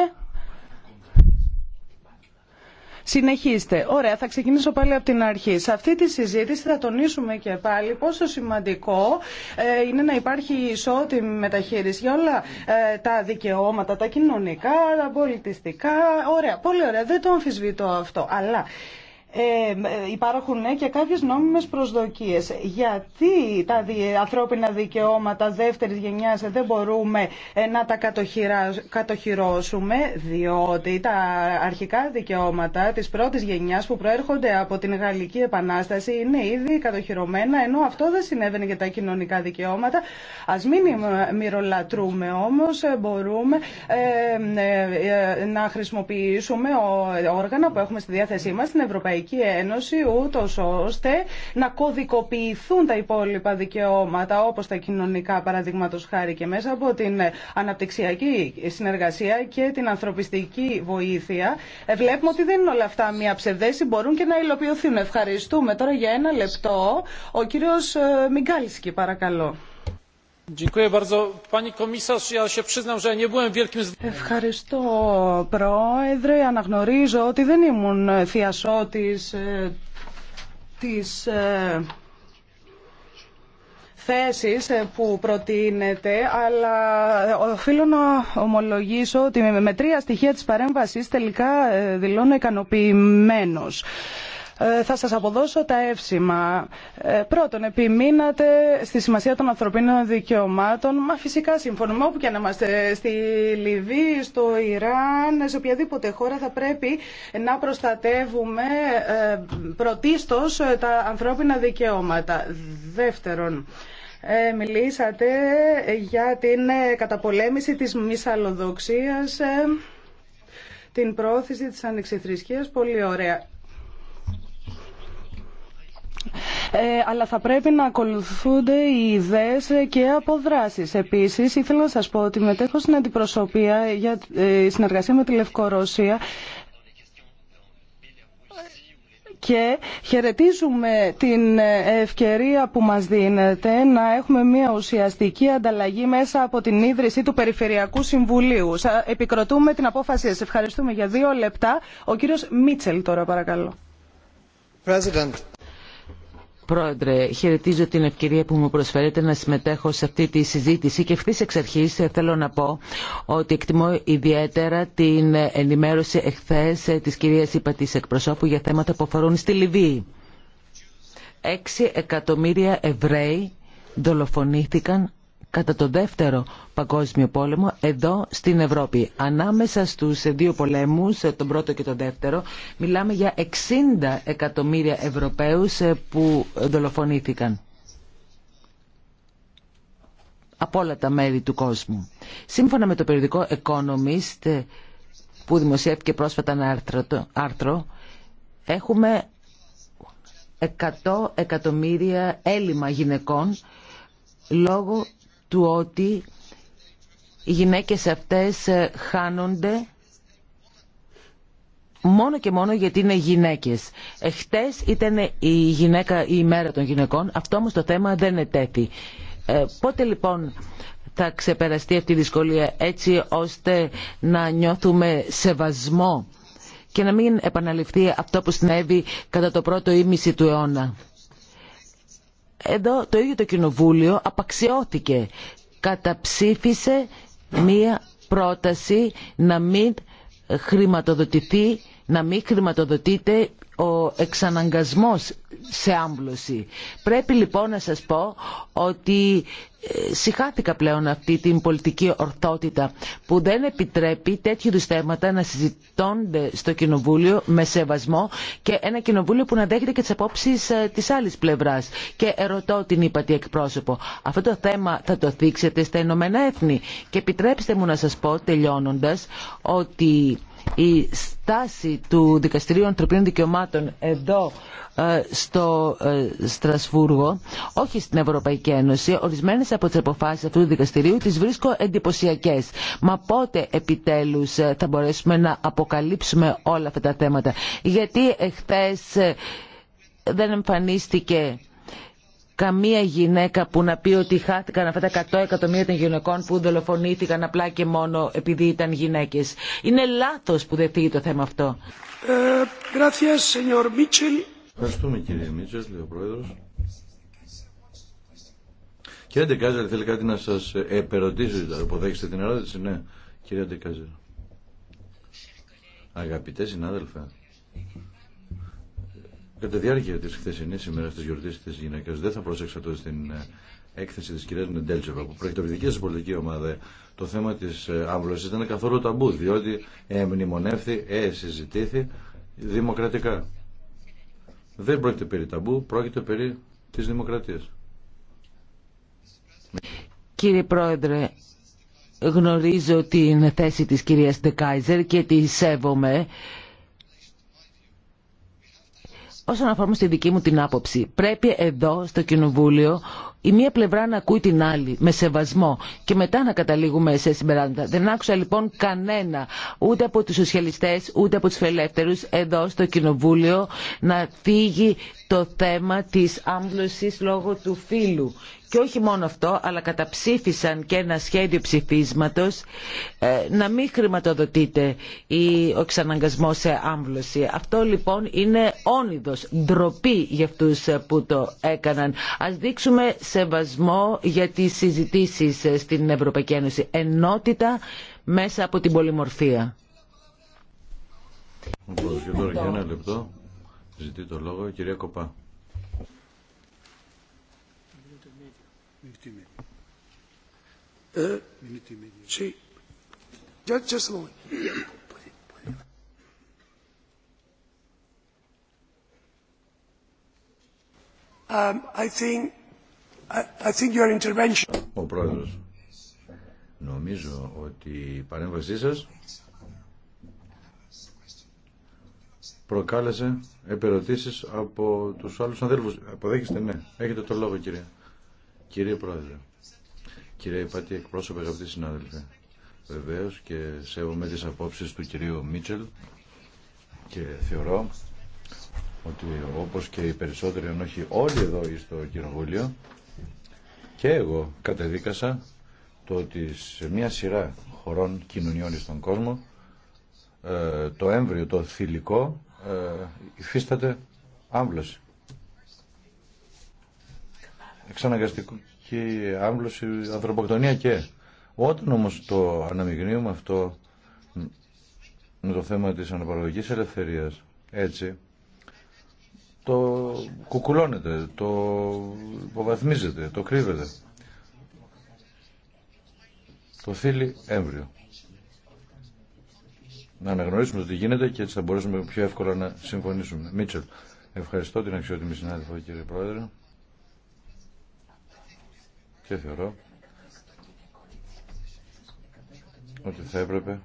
Συνεχίστε. Ωραία, θα ξεκινήσω πάλι από την αρχή. Σε αυτή τη συζήτηση θα τονίσουμε και πάλι πόσο σημαντικό ε, είναι να υπάρχει ισότιμη μεταχείριση για όλα ε, τα δικαιώματα, τα κοινωνικά, τα πολιτιστικά. Ωραία, πολύ ωραία, δεν το αμφισβητώ αυτό. Αλλά ε, ε, υπάρχουν ναι, και κάποιες νόμιμες προσδοκίες. Γιατί τα ανθρώπινα δικαιώματα δεύτερης γενιάς δεν μπορούμε ε, να τα κατοχυρώσουμε, διότι τα αρχικά δικαιώματα της πρώτης γενιάς που προέρχονται από την Γαλλική Επανάσταση είναι ήδη κατοχυρωμένα, ενώ αυτό δεν συνέβαινε για τα κοινωνικά δικαιώματα. Ας μην μυρολατρούμε όμως, μπορούμε να χρησιμοποιήσουμε όργανα που έχουμε στη διάθεσή μας στην Ευρωπαϊκή Ευρωπαϊκή Ένωση ούτως ώστε να κωδικοποιηθούν τα υπόλοιπα δικαιώματα όπως τα κοινωνικά παραδείγματο χάρη και μέσα από την αναπτυξιακή συνεργασία και την ανθρωπιστική βοήθεια. Ε, βλέπουμε ότι δεν είναι όλα αυτά μια ψευδέση, μπορούν και να υλοποιηθούν. Ευχαριστούμε. Τώρα για ένα λεπτό ο κύριος ε, Μιγκάλσκι παρακαλώ. Ευχαριστώ, Πρόεδρε. Αναγνωρίζω ότι δεν ήμουν θειασότης ε, της ε, θέσης ε, που προτείνεται, αλλά οφείλω να ομολογήσω ότι με τρία στοιχεία της παρέμβασης τελικά δηλώνω ικανοποιημένος. Ε, θα σας αποδώσω τα εύσημα. Ε, πρώτον, επιμείνατε στη σημασία των ανθρωπίνων δικαιωμάτων. Μα φυσικά συμφωνούμε όπου και να είμαστε στη Λιβύη, στο Ιράν, σε οποιαδήποτε χώρα θα πρέπει να προστατεύουμε ε, πρωτίστως τα ανθρώπινα δικαιώματα. Δεύτερον, μιλήσατε για την καταπολέμηση της μυσαλλοδοξίας την πρόθεση της ανεξιθρησκείας. Πολύ ωραία. Ε, αλλά θα πρέπει να ακολουθούνται οι ιδέες και αποδράσεις. Επίσης, ήθελα να σας πω ότι μετέχω στην αντιπροσωπεία για ε, συνεργασία με τη Λευκορωσία και χαιρετίζουμε την ευκαιρία που μας δίνεται να έχουμε μια ουσιαστική ανταλλαγή μέσα από την ίδρυση του Περιφερειακού Συμβουλίου. Επικροτούμε την απόφαση σας. Ευχαριστούμε για δύο λεπτά. Ο κύριος Μίτσελ τώρα παρακαλώ. President. Πρόεδρε, χαιρετίζω την ευκαιρία που μου προσφέρετε να συμμετέχω σε αυτή τη συζήτηση και ευθύ εξ αρχή θέλω να πω ότι εκτιμώ ιδιαίτερα την ενημέρωση εχθέ τη κυρία Υπατή Εκπροσώπου για θέματα που αφορούν στη Λιβύη. Έξι εκατομμύρια Εβραίοι δολοφονήθηκαν κατά τον δεύτερο παγκόσμιο πόλεμο εδώ στην Ευρώπη. Ανάμεσα στους δύο πολέμους, τον πρώτο και τον δεύτερο, μιλάμε για 60 εκατομμύρια Ευρωπαίους που δολοφονήθηκαν από όλα τα μέρη του κόσμου. Σύμφωνα με το περιοδικό Economist που δημοσιεύτηκε πρόσφατα ένα άρθρο, έχουμε 100 εκατομμύρια έλλειμμα γυναικών λόγω του ότι οι γυναίκες αυτές ε, χάνονται μόνο και μόνο γιατί είναι γυναίκες. Εχθές ήταν η, γυναίκα, η ημέρα των γυναικών, αυτό όμως το θέμα δεν ετέθη. Ε, πότε λοιπόν θα ξεπεραστεί αυτή η δυσκολία έτσι ώστε να νιώθουμε σεβασμό και να μην επαναληφθεί αυτό που συνέβη κατά το πρώτο ήμιση του αιώνα. Εδώ το ίδιο το Κοινοβούλιο απαξιώθηκε. Καταψήφισε μία πρόταση να μην χρηματοδοτηθεί, να μην χρηματοδοτείται ο εξαναγκασμός σε άμπλωση. Πρέπει λοιπόν να σας πω ότι ε, συχάθηκα πλέον αυτή την πολιτική ορθότητα που δεν επιτρέπει τέτοιου είδου θέματα να συζητώνται στο Κοινοβούλιο με σεβασμό και ένα Κοινοβούλιο που να δέχεται και τι απόψει ε, τη άλλη πλευρά. Και ερωτώ την ύπατη εκπρόσωπο, αυτό το θέμα θα το θίξετε στα Ηνωμένα Έθνη. Και επιτρέψτε μου να σα πω τελειώνοντα ότι η στάση του Δικαστηρίου Ανθρωπίνων Δικαιωμάτων εδώ ε, στο ε, Στρασβούργο, όχι στην Ευρωπαϊκή Ένωση, ορισμένες από τις αποφάσεις αυτού του δικαστηρίου τις βρίσκω εντυπωσιακές. Μα πότε επιτέλους ε, θα μπορέσουμε να αποκαλύψουμε όλα αυτά τα θέματα. Γιατί εχθέ δεν εμφανίστηκε καμία γυναίκα που να πει ότι χάθηκαν αυτά τα 100 εκατομμύρια των γυναικών που δολοφονήθηκαν απλά και μόνο επειδή ήταν γυναίκες. Είναι λάθος που δεν φύγει το θέμα αυτό. Ε, Ευχαριστούμε κύριε Μίτσελ, λέει ο Πρόεδρος. Κύριε Ντεκάζερ, θέλει κάτι να σας επερωτήσω, να δηλαδή, υποδέχεστε την ερώτηση, ναι. Κύριε Ντεκάζερ. Αγαπητέ συνάδελφε, Κατά τη διάρκεια τη χθεσινή ημέρα τη γιορτή τη γυναίκα, δεν θα πρόσεξα τότε στην ε, έκθεση τη κυρία Νεντέλτσεβα, που πρόκειται από τη δική πολιτική ομάδα, το θέμα τη ε, άμβλωση ήταν καθόλου ταμπού, διότι εμνημονεύθη, μνημονεύθη, ε, συζητήθη δημοκρατικά. Δεν πρόκειται περί ταμπού, πρόκειται περί τη δημοκρατία. Κύριε Πρόεδρε, γνωρίζω την θέση της κυρίας Ντεκάιζερ και τη σέβομαι Όσον αφορά στη δική μου την άποψη, πρέπει εδώ στο Κοινοβούλιο η μία πλευρά να ακούει την άλλη με σεβασμό και μετά να καταλήγουμε σε συμπεράσματα. Δεν άκουσα λοιπόν κανένα ούτε από τους σοσιαλιστές ούτε από τους φελεύθερους εδώ στο Κοινοβούλιο να φύγει το θέμα της άμβλωσης λόγω του φίλου Και όχι μόνο αυτό, αλλά καταψήφισαν και ένα σχέδιο ψηφίσματος ε, να μην χρηματοδοτείται ο εξαναγκασμός σε άμβλωση. Αυτό λοιπόν είναι όνειδος, ντροπή για αυτούς που το έκαναν. Ας δείξουμε σεβασμό για τις συζητήσεις στην Ευρωπαϊκή Ένωση. Ενότητα μέσα από την πολυμορφία. Και για ένα λεπτό ζητεί το λόγο η κυρία Κοπά. Um, I think ο πρόεδρος. Νομίζω ότι η παρέμβασή σας προκάλεσε επερωτήσεις από τους άλλους αδέλφους. Αποδέχεστε, ναι. Έχετε το λόγο, κύριε. Κύριε Πρόεδρε. Κύριε Υπάτη, εκπρόσωπε, αγαπητοί συνάδελφοι. Βεβαίω και σέβομαι τις απόψεις του κυρίου Μίτσελ και θεωρώ ότι όπως και οι περισσότεροι, αν όχι όλοι εδώ στο Κοινοβούλιο, και εγώ κατεδίκασα το ότι σε μια σειρά χωρών κοινωνιών στον κόσμο ε, το έμβριο, το θηλυκό ε, υφίσταται άμβλωση. Εξαναγκαστικό και άμβλωση, ανθρωποκτονία και. Όταν όμως το αναμειγνύουμε αυτό με το θέμα της αναπαραγωγής ελευθερίας, έτσι, το κουκουλώνεται, το υποβαθμίζεται, το κρύβεται. Το θέλει έμβριο. Να αναγνωρίσουμε το τι γίνεται και έτσι θα μπορέσουμε πιο εύκολα να συμφωνήσουμε. Μίτσελ, ευχαριστώ την αξιότιμη συνάδελφο κύριε Πρόεδρε. Και θεωρώ ότι θα έπρεπε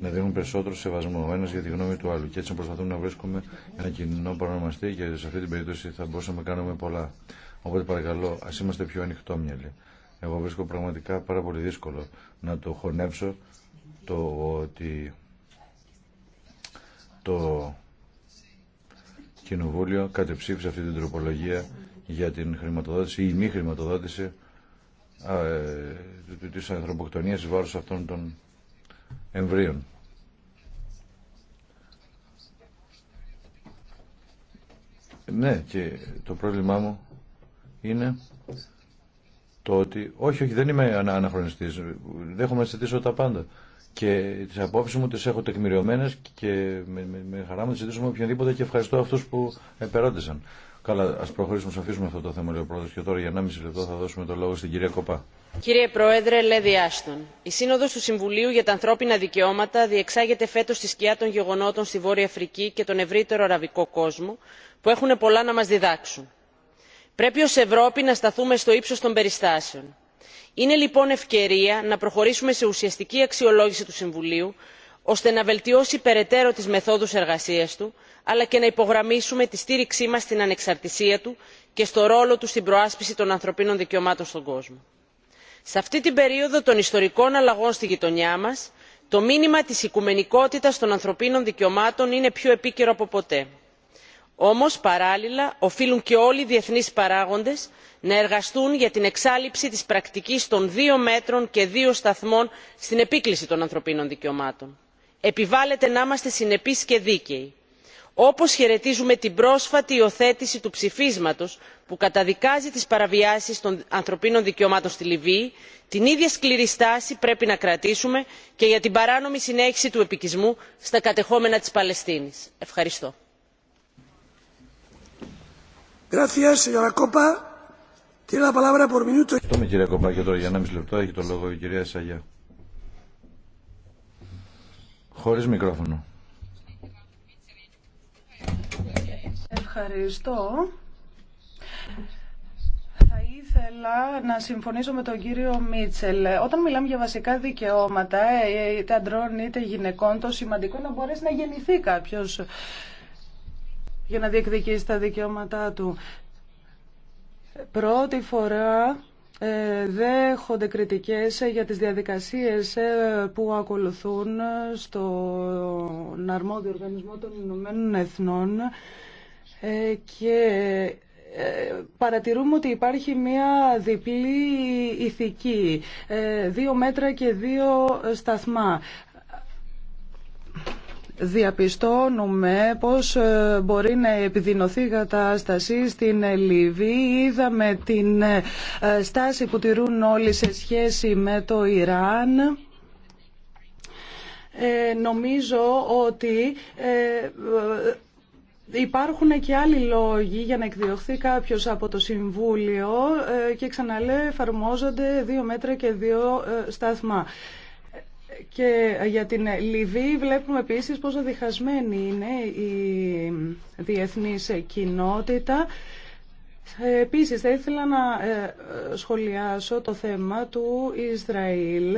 να δίνουν περισσότερο σεβασμό ο ένα για τη γνώμη του άλλου. Και έτσι να προσπαθούμε να βρίσκουμε ένα κοινό παρονομαστή και σε αυτή την περίπτωση θα μπορούσαμε να κάνουμε πολλά. Οπότε παρακαλώ, α είμαστε πιο ανοιχτόμυαλοι. Εγώ βρίσκω πραγματικά πάρα πολύ δύσκολο να το χωνέψω το ότι το Κοινοβούλιο κατεψήφισε αυτή την τροπολογία για την χρηματοδότηση ή μη χρηματοδότηση ε, της ανθρωποκτονίας βάρος αυτών των εμβρίων. Ναι, και το πρόβλημά μου είναι το ότι όχι, όχι, δεν είμαι αναχρονιστής, δέχομαι να συζητήσω τα πάντα. Και τις απόψεις μου τις έχω τεκμηριωμένες και με, με, με χαρά μου τις με οποιονδήποτε και ευχαριστώ αυτούς που επερώτησαν. Καλά, α προχωρήσουμε, α αφήσουμε αυτό το θέμα, λέει ο πρόεδρο. Και τώρα για 1,5 λεπτό θα δώσουμε το λόγο στην κυρία Κοπά. Κύριε Πρόεδρε, Λέδη Άστον, η Σύνοδο του Συμβουλίου για τα Ανθρώπινα Δικαιώματα διεξάγεται φέτο στη σκιά των γεγονότων στη Βόρεια Αφρική και τον ευρύτερο αραβικό κόσμο, που έχουν πολλά να μα διδάξουν. Πρέπει ω Ευρώπη να σταθούμε στο ύψο των περιστάσεων. Είναι λοιπόν ευκαιρία να προχωρήσουμε σε ουσιαστική αξιολόγηση του Συμβουλίου, ώστε να βελτιώσει περαιτέρω τις μεθόδους εργασίας του αλλά και να υπογραμμίσουμε τη στήριξή μας στην ανεξαρτησία του και στο ρόλο του στην προάσπιση των ανθρωπίνων δικαιωμάτων στον κόσμο. σε αυτή την περίοδο των ιστορικών αλλαγών στη γειτονιά μας το μήνυμα της οικουμενικότητας των ανθρωπίνων δικαιωμάτων είναι πιο επίκαιρο από ποτέ. όμως παράλληλα οφείλουν και όλοι οι διεθνείς παράγοντες να εργαστούν για την εξάλληψη της πρακτικής των δύο μέτρων και δύο σταθμών στην επίκληση των ανθρωπίνων δικαιωμάτων επιβάλλεται να είμαστε συνεπείς και δίκαιοι όπως χαιρετίζουμε την πρόσφατη υιοθέτηση του ψηφίσματος που καταδικάζει τις παραβιάσεις των ανθρωπίνων δικαιωμάτων στη λιβύη την ίδια σκληρή στάση πρέπει να κρατήσουμε και για την παράνομη συνέχιση του επικισμού στα κατεχόμενα της παλαιστίνης. ευχαριστώ. Χωρίς μικρόφωνο. Ευχαριστώ. Θα ήθελα να συμφωνήσω με τον κύριο Μίτσελ. Όταν μιλάμε για βασικά δικαιώματα, είτε αντρών είτε γυναικών, το σημαντικό είναι να μπορέσει να γεννηθεί κάποιος για να διεκδικήσει τα δικαιώματά του. Πρώτη φορά ε, δέχονται κριτικές για τις διαδικασίες ε, που ακολουθούν στον αρμόδιο οργανισμό των Ηνωμένων Εθνών ε, και παρατηρούμε ότι υπάρχει μια διπλή ηθική, δύο μέτρα και δύο σταθμά διαπιστώνουμε πώς ε, μπορεί να επιδεινωθεί η κατάσταση στην Λιβύη. Είδαμε την ε, στάση που τηρούν όλοι σε σχέση με το Ιράν. Ε, νομίζω ότι Υπάρχουν και άλλοι λόγοι για να εκδιωχθεί κάποιο από το Συμβούλιο και ξαναλέω εφαρμόζονται δύο μέτρα και δύο σταθμά. Και για την Λιβύη βλέπουμε επίσης πόσο διχασμένη είναι η διεθνής κοινότητα. Επίσης θα ήθελα να ε, ε, σχολιάσω το θέμα του Ισραήλ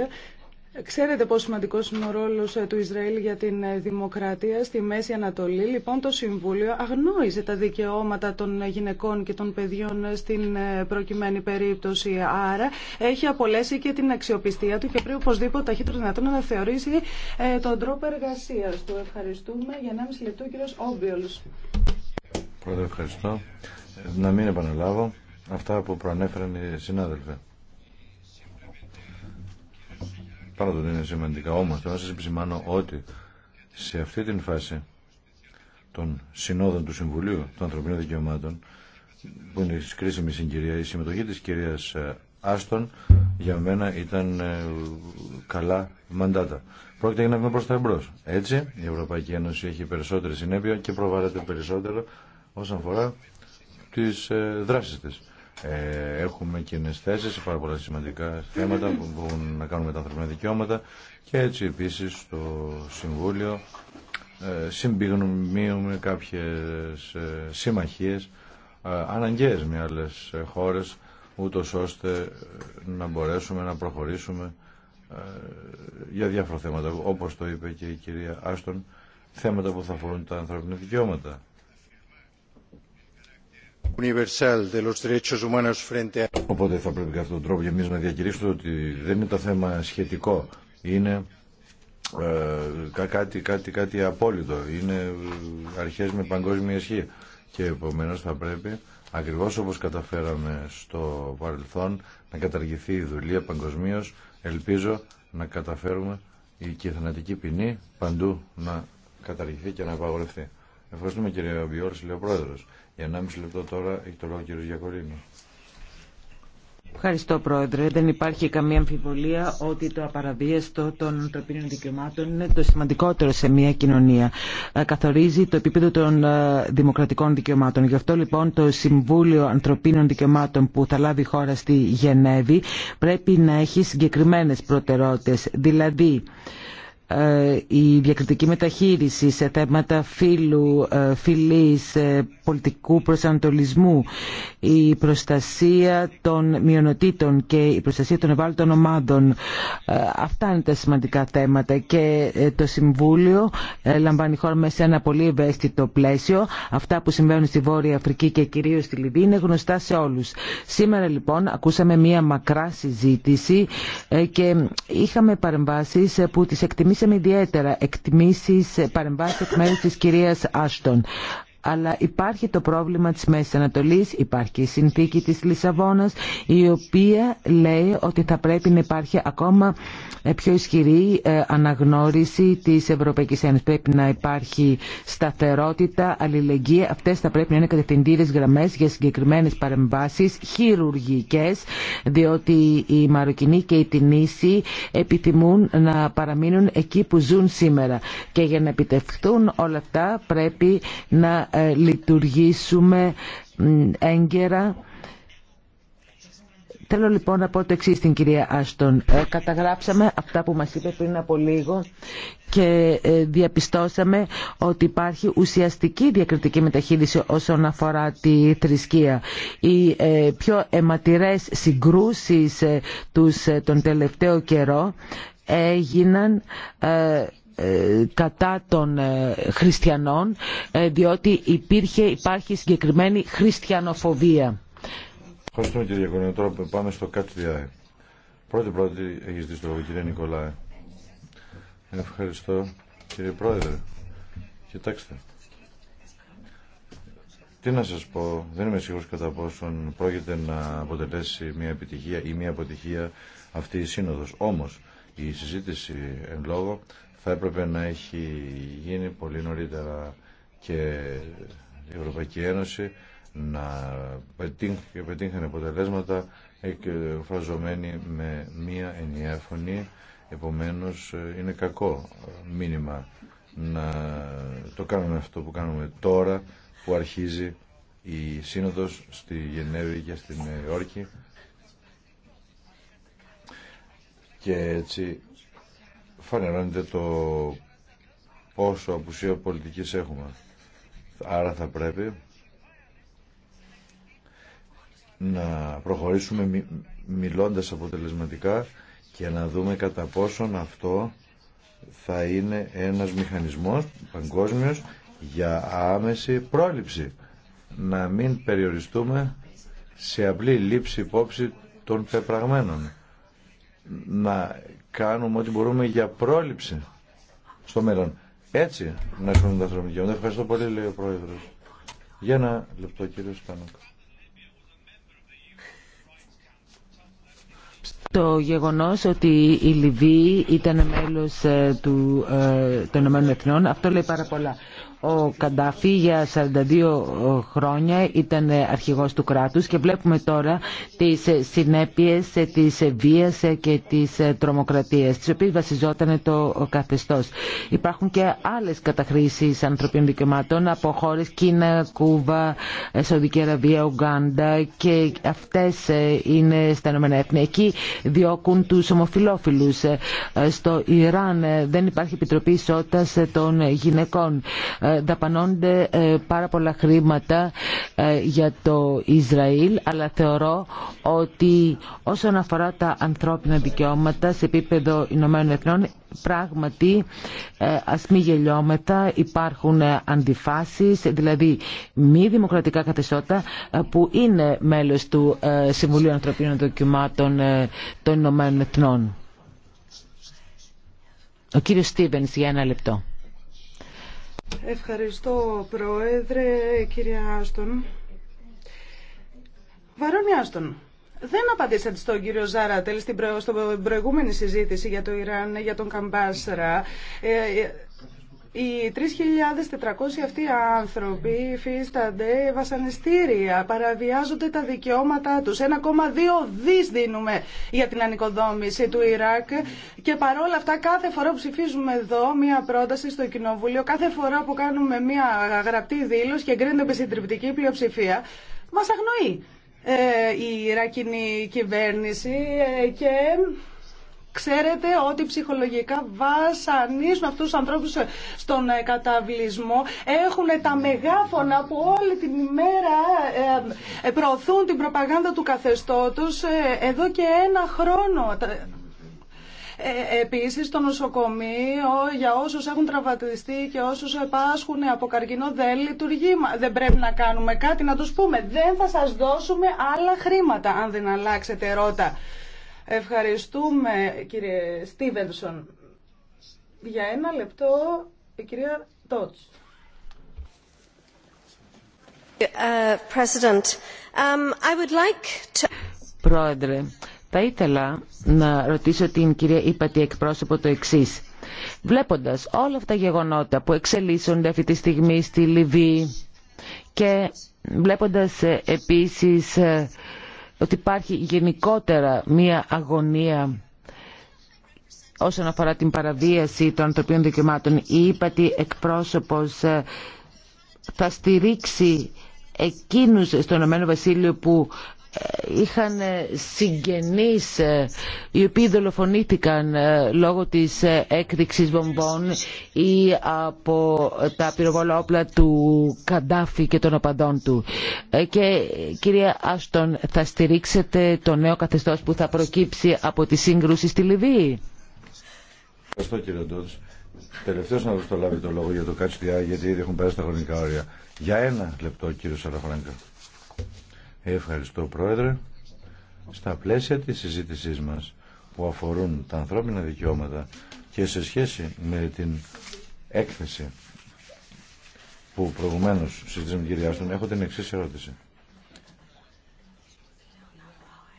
Ξέρετε πόσο σημαντικό είναι ο ρόλο ε, του Ισραήλ για την ε, δημοκρατία στη Μέση Ανατολή. Λοιπόν, το Συμβούλιο αγνόησε τα δικαιώματα των γυναικών και των παιδιών ε, στην προκειμένη περίπτωση. Άρα, έχει απολέσει και την αξιοπιστία του και πρέπει οπωσδήποτε ταχύτερο δυνατόν να θεωρήσει τον τρόπο εργασία του. Ευχαριστούμε. Για 1,5 λεπτό, κύριο Όμπιολ. Πρώτα ευχαριστώ. Να μην επαναλάβω αυτά που προανέφεραν οι συνάδελφοι πάνω το είναι σημαντικά. Όμως θέλω να σας επισημάνω ότι σε αυτή την φάση των συνόδων του Συμβουλίου των Ανθρωπίνων Δικαιωμάτων που είναι η κρίσιμη συγκυρία, η συμμετοχή της κυρίας ε, Άστον για μένα ήταν ε, καλά μαντάτα. Πρόκειται για να βγούμε προ τα εμπρό. Έτσι η Ευρωπαϊκή Ένωση έχει περισσότερη συνέπεια και προβάλλεται περισσότερο όσον αφορά τις ε, δράσεις της. Ε, έχουμε και θέσει σε πάρα πολλά σημαντικά θέματα που μπορούν να κάνουν τα ανθρωπινά δικαιώματα και έτσι επίσης στο Συμβούλιο ε, συμπυγνωμίουμε κάποιες ε, συμμαχίες ε, αναγκαίες με άλλες ε, χώρες ούτως ώστε να μπορέσουμε να προχωρήσουμε για διάφορα θέματα όπως το είπε και η κυρία Άστον θέματα που θα αφορούν τα ανθρώπινα δικαιώματα Οπότε θα πρέπει κατά τον τρόπο για εμείς να διακηρύσουμε ότι δεν είναι το θέμα σχετικό. Είναι ε, κάτι, κάτι, κάτι απόλυτο. Είναι ε, αρχές με παγκόσμια ισχύ. Και επομένως θα πρέπει ακριβώς όπως καταφέραμε στο παρελθόν να καταργηθεί η δουλεία παγκοσμίω. Ελπίζω να καταφέρουμε η και ποινή παντού να καταργηθεί και να απαγορευτεί. Ευχαριστούμε κύριε Βιόρση, λέει ο Πρόεδρος. Για 1,5 λεπτό τώρα έχει το λόγο ο Ευχαριστώ Πρόεδρε. Δεν υπάρχει καμία αμφιβολία ότι το απαραβίαστο των ανθρωπίνων δικαιωμάτων είναι το σημαντικότερο σε μια κοινωνία. Ε, καθορίζει το επίπεδο των ε, δημοκρατικών δικαιωμάτων. Γι' αυτό λοιπόν το Συμβούλιο Ανθρωπίνων Δικαιωμάτων που θα λάβει η χώρα στη Γενέβη πρέπει να έχει συγκεκριμένες προτεραιότητες. Δηλαδή ε, η διακριτική μεταχείριση σε θέματα φύλου, ε, φυλής, ε, πολιτικού προσανατολισμού, η προστασία των μειονοτήτων και η προστασία των ευάλωτων ομάδων. Αυτά είναι τα σημαντικά θέματα και το Συμβούλιο λαμβάνει χώρα μέσα σε ένα πολύ ευαίσθητο πλαίσιο. Αυτά που συμβαίνουν στη Βόρεια Αφρική και κυρίως στη Λιβύη είναι γνωστά σε όλους. Σήμερα λοιπόν ακούσαμε μία μακρά συζήτηση και είχαμε παρεμβάσεις που τις εκτιμήσαμε Εκτιμήσαμε ιδιαίτερα εκτιμήσεις παρεμβάσεις εκ μέρους της κυρίας Άστον αλλά υπάρχει το πρόβλημα της Μέσης Ανατολής, υπάρχει η συνθήκη της Λισαβόνας, η οποία λέει ότι θα πρέπει να υπάρχει ακόμα ε, πιο ισχυρή ε, αναγνώριση της Ευρωπαϊκής Ένωσης. Πρέπει να υπάρχει σταθερότητα, αλληλεγγύη. Αυτές θα πρέπει να είναι κατευθυντήρες γραμμές για συγκεκριμένες παρεμβάσεις χειρουργικές, διότι οι Μαροκινοί και οι Τινήσοι επιθυμούν να παραμείνουν εκεί που ζουν σήμερα. Και για να επιτευχθούν όλα αυτά πρέπει να ε, λειτουργήσουμε έγκαιρα. Θέλω λοιπόν να πω το εξή στην κυρία Άστον. Ε, καταγράψαμε αυτά που μας είπε πριν από λίγο και ε, διαπιστώσαμε ότι υπάρχει ουσιαστική διακριτική μεταχείριση όσον αφορά τη θρησκεία. Οι πιο αιματηρές συγκρούσεις τους τον τελευταίο καιρό έγιναν ε, κατά των ε, χριστιανών ε, διότι υπήρχε, υπάρχει συγκεκριμένη χριστιανοφοβία. Ευχαριστούμε κύριε Κονέα. Τώρα πάμε στο ΚΑΤΣΔΙΑΕ. Πρώτη πρώτη έχει δει στο κύριε Νικολάε. Ευχαριστώ κύριε Πρόεδρε. Κοιτάξτε. Τι να σας πω, δεν είμαι σίγουρος κατά πόσον πρόκειται να αποτελέσει μια επιτυχία ή μια αποτυχία αυτή η σύνοδος. Όμως η συζήτηση εν λόγω θα έπρεπε να έχει γίνει πολύ νωρίτερα και η Ευρωπαϊκή Ένωση να πετύχει αποτελέσματα εκφραζομένη με μία ενιαία φωνή. Επομένως ε, είναι κακό ε, μήνυμα να το κάνουμε αυτό που κάνουμε τώρα που αρχίζει η Σύνοδος στη Γενέβη και στην Νέα και έτσι φανερώνεται το πόσο απουσία πολιτικής έχουμε. Άρα θα πρέπει να προχωρήσουμε μιλώντας αποτελεσματικά και να δούμε κατά πόσον αυτό θα είναι ένας μηχανισμός παγκόσμιος για άμεση πρόληψη. Να μην περιοριστούμε σε απλή λήψη υπόψη των πεπραγμένων. Να κάνουμε ό,τι μπορούμε για πρόληψη στο μέλλον. Έτσι να έχουμε τα ανθρώπινα δικαιώματα. Ευχαριστώ πολύ, λέει ο πρόεδρο. Για ένα λεπτό, κύριε Στάνοκ. το γεγονό ότι η Λιβύη ήταν μέλος ε, του, ε, των ΗΕ, αυτό λέει πάρα πολλά. Ο Καντάφη για 42 χρόνια ήταν αρχηγός του κράτους και βλέπουμε τώρα τις συνέπειες της βίας και της τρομοκρατίας, τις οποίες βασιζόταν το καθεστώς. Υπάρχουν και άλλες καταχρήσεις ανθρωπίνων δικαιωμάτων από χώρες Κίνα, Κούβα, Σαουδική Αραβία, Ουγγάντα και αυτές είναι στα Ηνωμένα Έθνη. Εκεί διώκουν τους ομοφιλόφιλους. Στο Ιράν δεν υπάρχει επιτροπή ισότητας των γυναικών ε, δαπανώνται ε, πάρα πολλά χρήματα ε, για το Ισραήλ, αλλά θεωρώ ότι όσον αφορά τα ανθρώπινα δικαιώματα σε επίπεδο Ηνωμένων Εθνών, πράγματι ας μη γελιόμεθα υπάρχουν αντιφάσεις δηλαδή μη δημοκρατικά καθεστώτα που είναι μέλος του Συμβουλίου Ανθρωπίνων Δοκιμάτων των Ηνωμένων Εθνών. Ο κύριος Στίβενς για ένα λεπτό. Ευχαριστώ, Πρόεδρε, κυρία Άστον. Βαρόνι Άστον, δεν απαντήσατε στον κύριο Ζάρατελ στην προηγούμενη συζήτηση για το Ιράν, για τον Καμπάσρα. Ε, ε, οι 3.400 αυτοί άνθρωποι υφίστανται βασανιστήρια, παραβιάζονται τα δικαιώματά τους. 1,2 δις δίνουμε για την ανοικοδόμηση του Ιράκ και παρόλα αυτά κάθε φορά που ψηφίζουμε εδώ μία πρόταση στο Κοινοβούλιο, κάθε φορά που κάνουμε μία γραπτή δήλωση και εγκρίνεται με συντριπτική πλειοψηφία, μας αγνοεί ε, η Ιρακινή κυβέρνηση ε, και Ξέρετε ότι ψυχολογικά βασανίζουν αυτούς τους ανθρώπους στον ε, καταβλισμό. Έχουν τα μεγάφωνα που όλη την ημέρα ε, ε, προωθούν την προπαγάνδα του καθεστώτος εδώ και ένα χρόνο. Ε, Επίση, το νοσοκομείο για όσους έχουν τραυματιστεί και όσους πάσχουν από καρκινό δεν λειτουργεί. Δεν πρέπει να κάνουμε κάτι, να τους πούμε. Δεν θα σας δώσουμε άλλα χρήματα αν δεν αλλάξετε ρότα. Ευχαριστούμε κύριε Στίβενσον. Για ένα λεπτό η κυρία Τότς. Uh, um, Πρόεδρε, θα ήθελα να ρωτήσω την κυρία Ήπατη εκπρόσωπο το εξή, Βλέποντας όλα αυτά τα γεγονότα που εξελίσσονται αυτή τη στιγμή στη Λιβύη και βλέποντας ε, επίσης ε, ότι υπάρχει γενικότερα μία αγωνία όσον αφορά την παραβίαση των ανθρωπίνων δικαιωμάτων. Η ύπατη εκπρόσωπος ε, θα στηρίξει εκείνους στον Ηνωμένο Βασίλειο που είχαν συγγενείς ε, οι οποίοι δολοφονήθηκαν ε, λόγω της ε, έκρηξης βομβών ή από τα πυροβόλα όπλα του Καντάφη και των απαντών του. Και κυρία Άστον, θα στηρίξετε το νέο καθεστώς που θα προκύψει από τη σύγκρουση στη Λιβύη. Ευχαριστώ κύριε Ντότς. Τελευταίος να δώσω το λάβει το λόγο για το ΚΑΤΣΤΙΑ γιατί ήδη έχουν περάσει τα χρονικά όρια. Για ένα λεπτό κύριο Σαραφράγκα. Ευχαριστώ Πρόεδρε. Στα πλαίσια της συζήτησής μας που αφορούν τα ανθρώπινα δικαιώματα και σε σχέση με την έκθεση που προηγουμένως συζητήσαμε κύριε Άστον, έχω την εξή ερώτηση.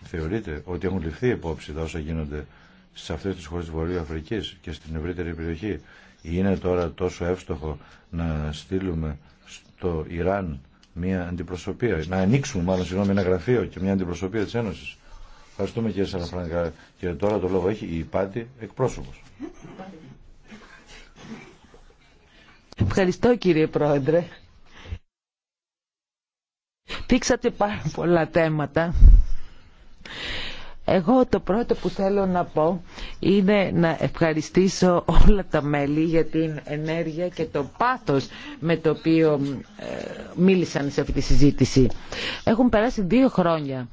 Θεωρείτε ότι έχουν ληφθεί υπόψη τα όσα γίνονται σε αυτές τις χώρες της Βορείου Αφρικής και στην ευρύτερη περιοχή. Είναι τώρα τόσο εύστοχο να στείλουμε στο Ιράν μια αντιπροσωπεία, να ανοίξουμε μάλλον συγγνώμη ένα γραφείο και μια αντιπροσωπεία τη Ένωση. Ευχαριστούμε κύριε Σαραφρανικά. Και τώρα το λόγο έχει η Πάτη εκπρόσωπος. Ευχαριστώ κύριε Πρόεδρε. Δείξατε πάρα πολλά θέματα. Εγώ το πρώτο που θέλω να πω είναι να ευχαριστήσω όλα τα μέλη για την ενέργεια και το πάθος με το οποίο ε, μίλησαν σε αυτή τη συζήτηση. Έχουν περάσει δύο χρόνια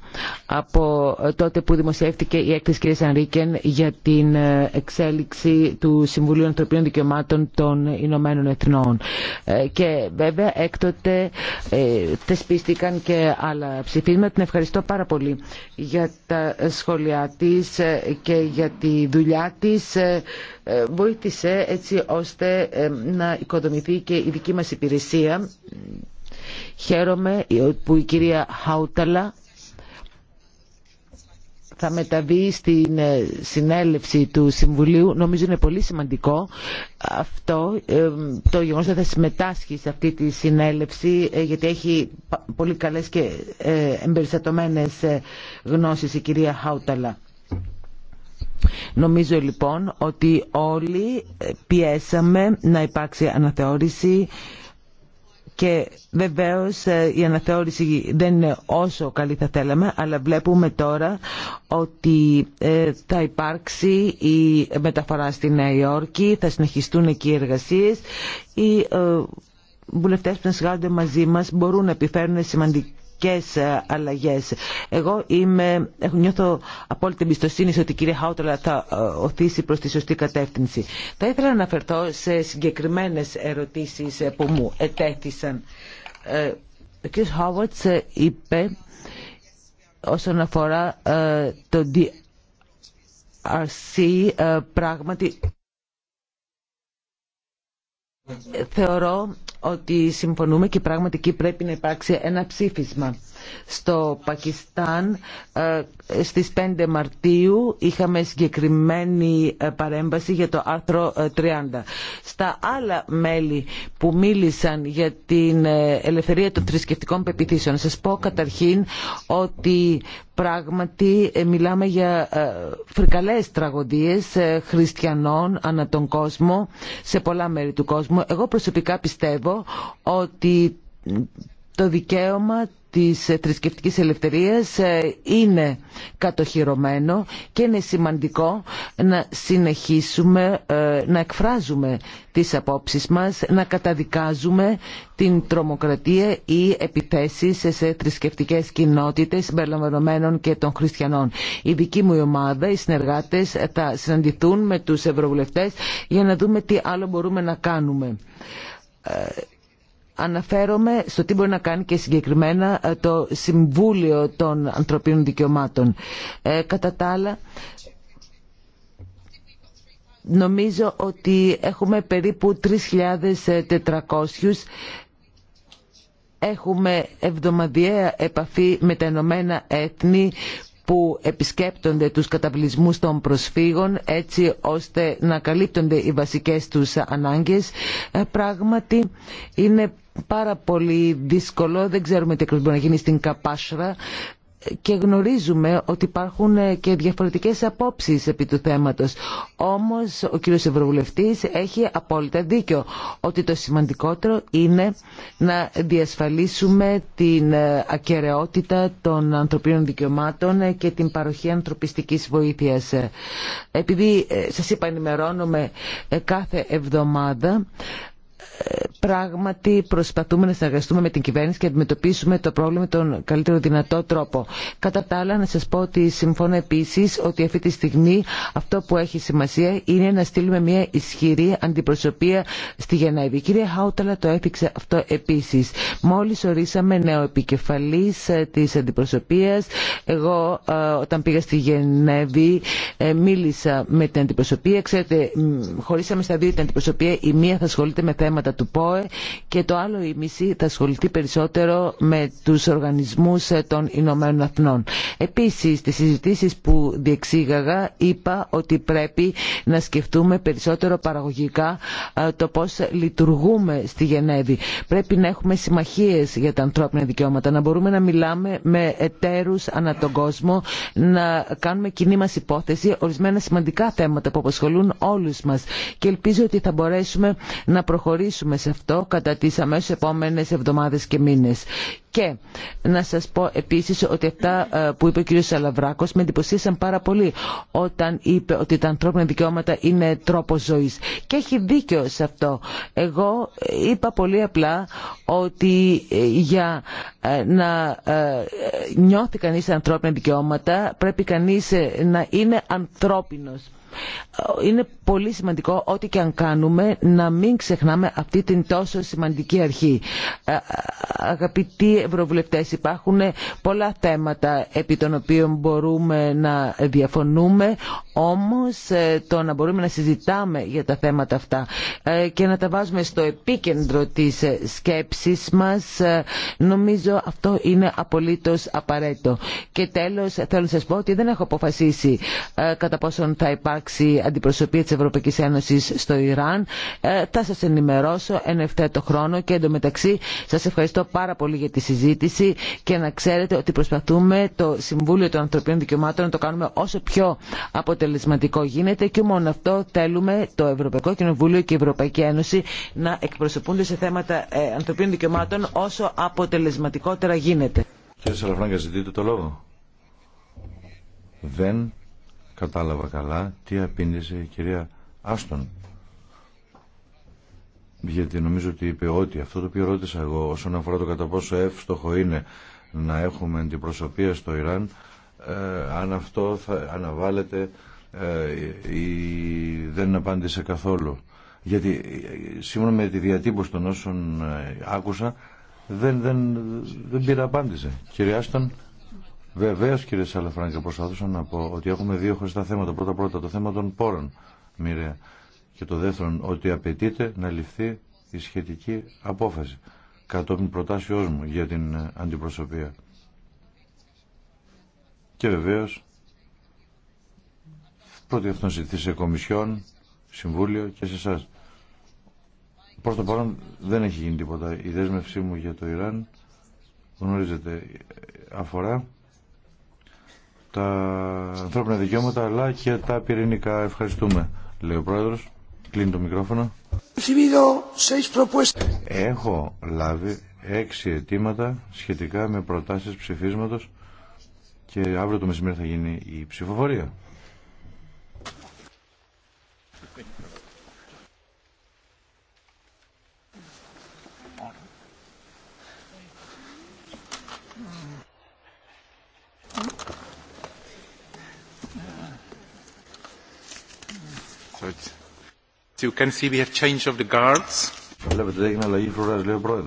από τότε που δημοσιεύτηκε η έκθεση κυρίας Ανρίκεν για την ε, εξέλιξη του Συμβουλίου Ανθρωπίνων Δικαιωμάτων των Ηνωμένων Εθνών. Ε, και βέβαια έκτοτε θεσπίστηκαν και άλλα ψηφίσματα. Την ευχαριστώ πάρα πολύ για τα σχόλιά της και για τη δουλειά της ε, ε, βοήθησε έτσι ώστε ε, να οικοδομηθεί και η δική μας υπηρεσία. Χαίρομαι που η κυρία Χάουταλα θα μεταβεί στην συνέλευση του Συμβουλίου. Νομίζω είναι πολύ σημαντικό αυτό το γεγονός ότι θα συμμετάσχει σε αυτή τη συνέλευση γιατί έχει πολύ καλές και εμπεριστατωμένες γνώσεις η κυρία Χάουταλα. Νομίζω λοιπόν ότι όλοι ε, πιέσαμε να υπάρξει αναθεώρηση και βεβαίως ε, η αναθεώρηση δεν είναι όσο καλή θα θέλαμε αλλά βλέπουμε τώρα ότι ε, θα υπάρξει η μεταφορά στη Νέα Υόρκη θα συνεχιστούν εκεί οι εργασίες οι βουλευτές που συνεργάζονται μαζί μας μπορούν να επιφέρουν σημαντική ε, αλλαγές. Εγώ είμαι, νιώθω απόλυτη εμπιστοσύνη ότι η κυρία Χάουτρα θα ε, οθήσει προς τη σωστή κατεύθυνση. Θα ήθελα να αναφερθώ σε συγκεκριμένες ερωτήσεις ε, που μου ετέθησαν. Ο κ. Χάουτς είπε όσον αφορά το DRC πράγματι Θεωρώ ότι συμφωνούμε και πράγματι πρέπει να υπάρξει ένα ψήφισμα. Στο Πακιστάν ε, στις 5 Μαρτίου είχαμε συγκεκριμένη ε, παρέμβαση για το άρθρο 30. Ε, Στα άλλα μέλη που μίλησαν για την ελευθερία των θρησκευτικών πεπιθήσεων, σας πω καταρχήν ότι Πράγματι ε, μιλάμε για ε, φρικαλές τραγωδίες ε, χριστιανών ανά τον κόσμο, σε πολλά μέρη του κόσμου. Εγώ προσωπικά πιστεύω ότι το δικαίωμα της θρησκευτική ελευθερίας ε, είναι κατοχυρωμένο και είναι σημαντικό να συνεχίσουμε ε, να εκφράζουμε τις απόψεις μας, να καταδικάζουμε την τρομοκρατία ή επιθέσεις σε θρησκευτικέ κοινότητες συμπεριλαμβανομένων και των χριστιανών. Η δική μου ομάδα, οι συνεργάτες ε, θα συναντηθούν με τους ευρωβουλευτές για να δούμε τι άλλο μπορούμε να κάνουμε Αναφέρομαι στο τι μπορεί να κάνει και συγκεκριμένα ε, το Συμβούλιο των Ανθρωπίνων Δικαιωμάτων. Ε, κατά τα άλλα, νομίζω ότι έχουμε περίπου 3.400 Έχουμε εβδομαδιαία επαφή με τα Ηνωμένα Έθνη που επισκέπτονται τους καταβλισμούς των προσφύγων έτσι ώστε να καλύπτονται οι βασικές τους ανάγκες. Ε, πράγματι είναι πάρα πολύ δύσκολο, δεν ξέρουμε τι ακριβώς μπορεί να γίνει στην Καπάσρα και γνωρίζουμε ότι υπάρχουν ε, και διαφορετικές απόψεις επί του θέματος. Όμως ο κύριος Ευρωβουλευτής έχει απόλυτα δίκιο ότι το σημαντικότερο είναι να διασφαλίσουμε την ε, ακαιρεότητα των ανθρωπίνων δικαιωμάτων ε, και την παροχή ανθρωπιστικής βοήθειας. Επειδή σας είπα ενημερώνομαι κάθε εβδομάδα πράγματι προσπαθούμε να συνεργαστούμε με την κυβέρνηση και να αντιμετωπίσουμε το πρόβλημα με τον καλύτερο δυνατό τρόπο. Κατά τα άλλα, να σα πω ότι συμφωνώ επίση ότι αυτή τη στιγμή αυτό που έχει σημασία είναι να στείλουμε μια ισχυρή αντιπροσωπεία στη Γενέβη. Η κυρία Χάουταλα το έθιξε αυτό επίση. Μόλι ορίσαμε νέο επικεφαλή ε, τη αντιπροσωπεία. Εγώ ε, όταν πήγα στη Γενέβη ε, μίλησα με την αντιπροσωπεία. Ξέρετε, χωρίσαμε στα δύο την αντιπροσωπεία. Η μία θα ασχολείται με θέματα του ΠΟΕ και το άλλο ημισή θα ασχοληθεί περισσότερο με τους οργανισμούς ε, των Ηνωμένων Αθνών. Επίσης, στις συζητήσεις που διεξήγαγα είπα ότι πρέπει να σκεφτούμε περισσότερο παραγωγικά ε, το πώς λειτουργούμε στη Γενέβη. Πρέπει να έχουμε συμμαχίες για τα ανθρώπινα δικαιώματα, να μπορούμε να μιλάμε με εταίρους ανά τον κόσμο, να κάνουμε κοινή μας υπόθεση ορισμένα σημαντικά θέματα που απασχολούν όλους μας και ελπίζω ότι θα μπορέσουμε να προχωρήσουμε επικεντρώσουμε σε αυτό κατά τις αμέσως επόμενες εβδομάδες και μήνες. Και να σας πω επίσης ότι αυτά ε, που είπε ο κ. Σαλαβράκος με εντυπωσίασαν πάρα πολύ όταν είπε ότι τα ανθρώπινα δικαιώματα είναι τρόπος ζωής. Και έχει δίκιο σε αυτό. Εγώ ε, είπα πολύ απλά ότι ε, για να νιώθει κανείς ανθρώπινα δικαιώματα πρέπει κανείς να είναι ανθρώπινος είναι πολύ σημαντικό ό,τι και αν κάνουμε να μην ξεχνάμε αυτή την τόσο σημαντική αρχή. Ε, ε, αγαπητοί ευρωβουλευτές, υπάρχουν πολλά θέματα επί των οποίων μπορούμε να διαφωνούμε, όμως ε, το να μπορούμε να συζητάμε για τα θέματα αυτά και να τα βάζουμε στο επίκεντρο της σκέψης μας, νομίζω αυτό είναι απολύτως απαραίτητο. Και τέλος θέλω να πω ότι δεν έχω αποφασίσει κατά πόσον θα υπάρχει υπάρξει αντιπροσωπεία της Ευρωπαϊκής Ένωσης στο Ιράν. Ε, θα σας ενημερώσω εν το χρόνο και εντωμεταξύ σας ευχαριστώ πάρα πολύ για τη συζήτηση και να ξέρετε ότι προσπαθούμε το Συμβούλιο των Ανθρωπίνων Δικαιωμάτων να το κάνουμε όσο πιο αποτελεσματικό γίνεται και μόνο αυτό θέλουμε το Ευρωπαϊκό Κοινοβούλιο και η Ευρωπαϊκή Ένωση να εκπροσωπούνται σε θέματα ε, ανθρωπίνων δικαιωμάτων όσο αποτελεσματικότερα γίνεται. Κύριε Σαλαφράγκα, ζητείτε το λόγο. Δεν κατάλαβα καλά τι απήντησε η κυρία Άστον. Γιατί νομίζω ότι είπε ότι αυτό το οποίο ρώτησα εγώ όσον αφορά το κατά πόσο εύστοχο είναι να έχουμε αντιπροσωπεία στο Ιράν ε, αν αυτό θα αναβάλλεται ε, ή δεν απάντησε καθόλου. Γιατί ε, σύμφωνα με τη διατύπωση των όσων άκουσα δεν, δεν, δεν πήρα απάντηση. Κυρία Άστον. Βεβαίω, κύριε Σαλαφράγκα, προσπαθούσα να πω ότι έχουμε δύο χωριστά θέματα. Πρώτα-πρώτα το θέμα των πόρων, μοιραία. Και το δεύτερο, ότι απαιτείται να ληφθεί η σχετική απόφαση κατόπιν προτάσεώ μου για την αντιπροσωπεία. Και βεβαίω, πρώτη αυτόν ζητήσει σε Κομισιόν, Συμβούλιο και σε εσά. Προς το παρόν δεν έχει γίνει τίποτα. Η δέσμευσή μου για το Ιράν γνωρίζετε αφορά τα ανθρώπινα δικαιώματα αλλά και τα πυρηνικά. Ευχαριστούμε, λέει ο Πρόεδρος. Κλείνει το μικρόφωνο. Έχω λάβει έξι αιτήματα σχετικά με προτάσεις ψηφίσματος και αύριο το μεσημέρι θα γίνει η ψηφοφορία. You can see we have change of the guards. αλλαγή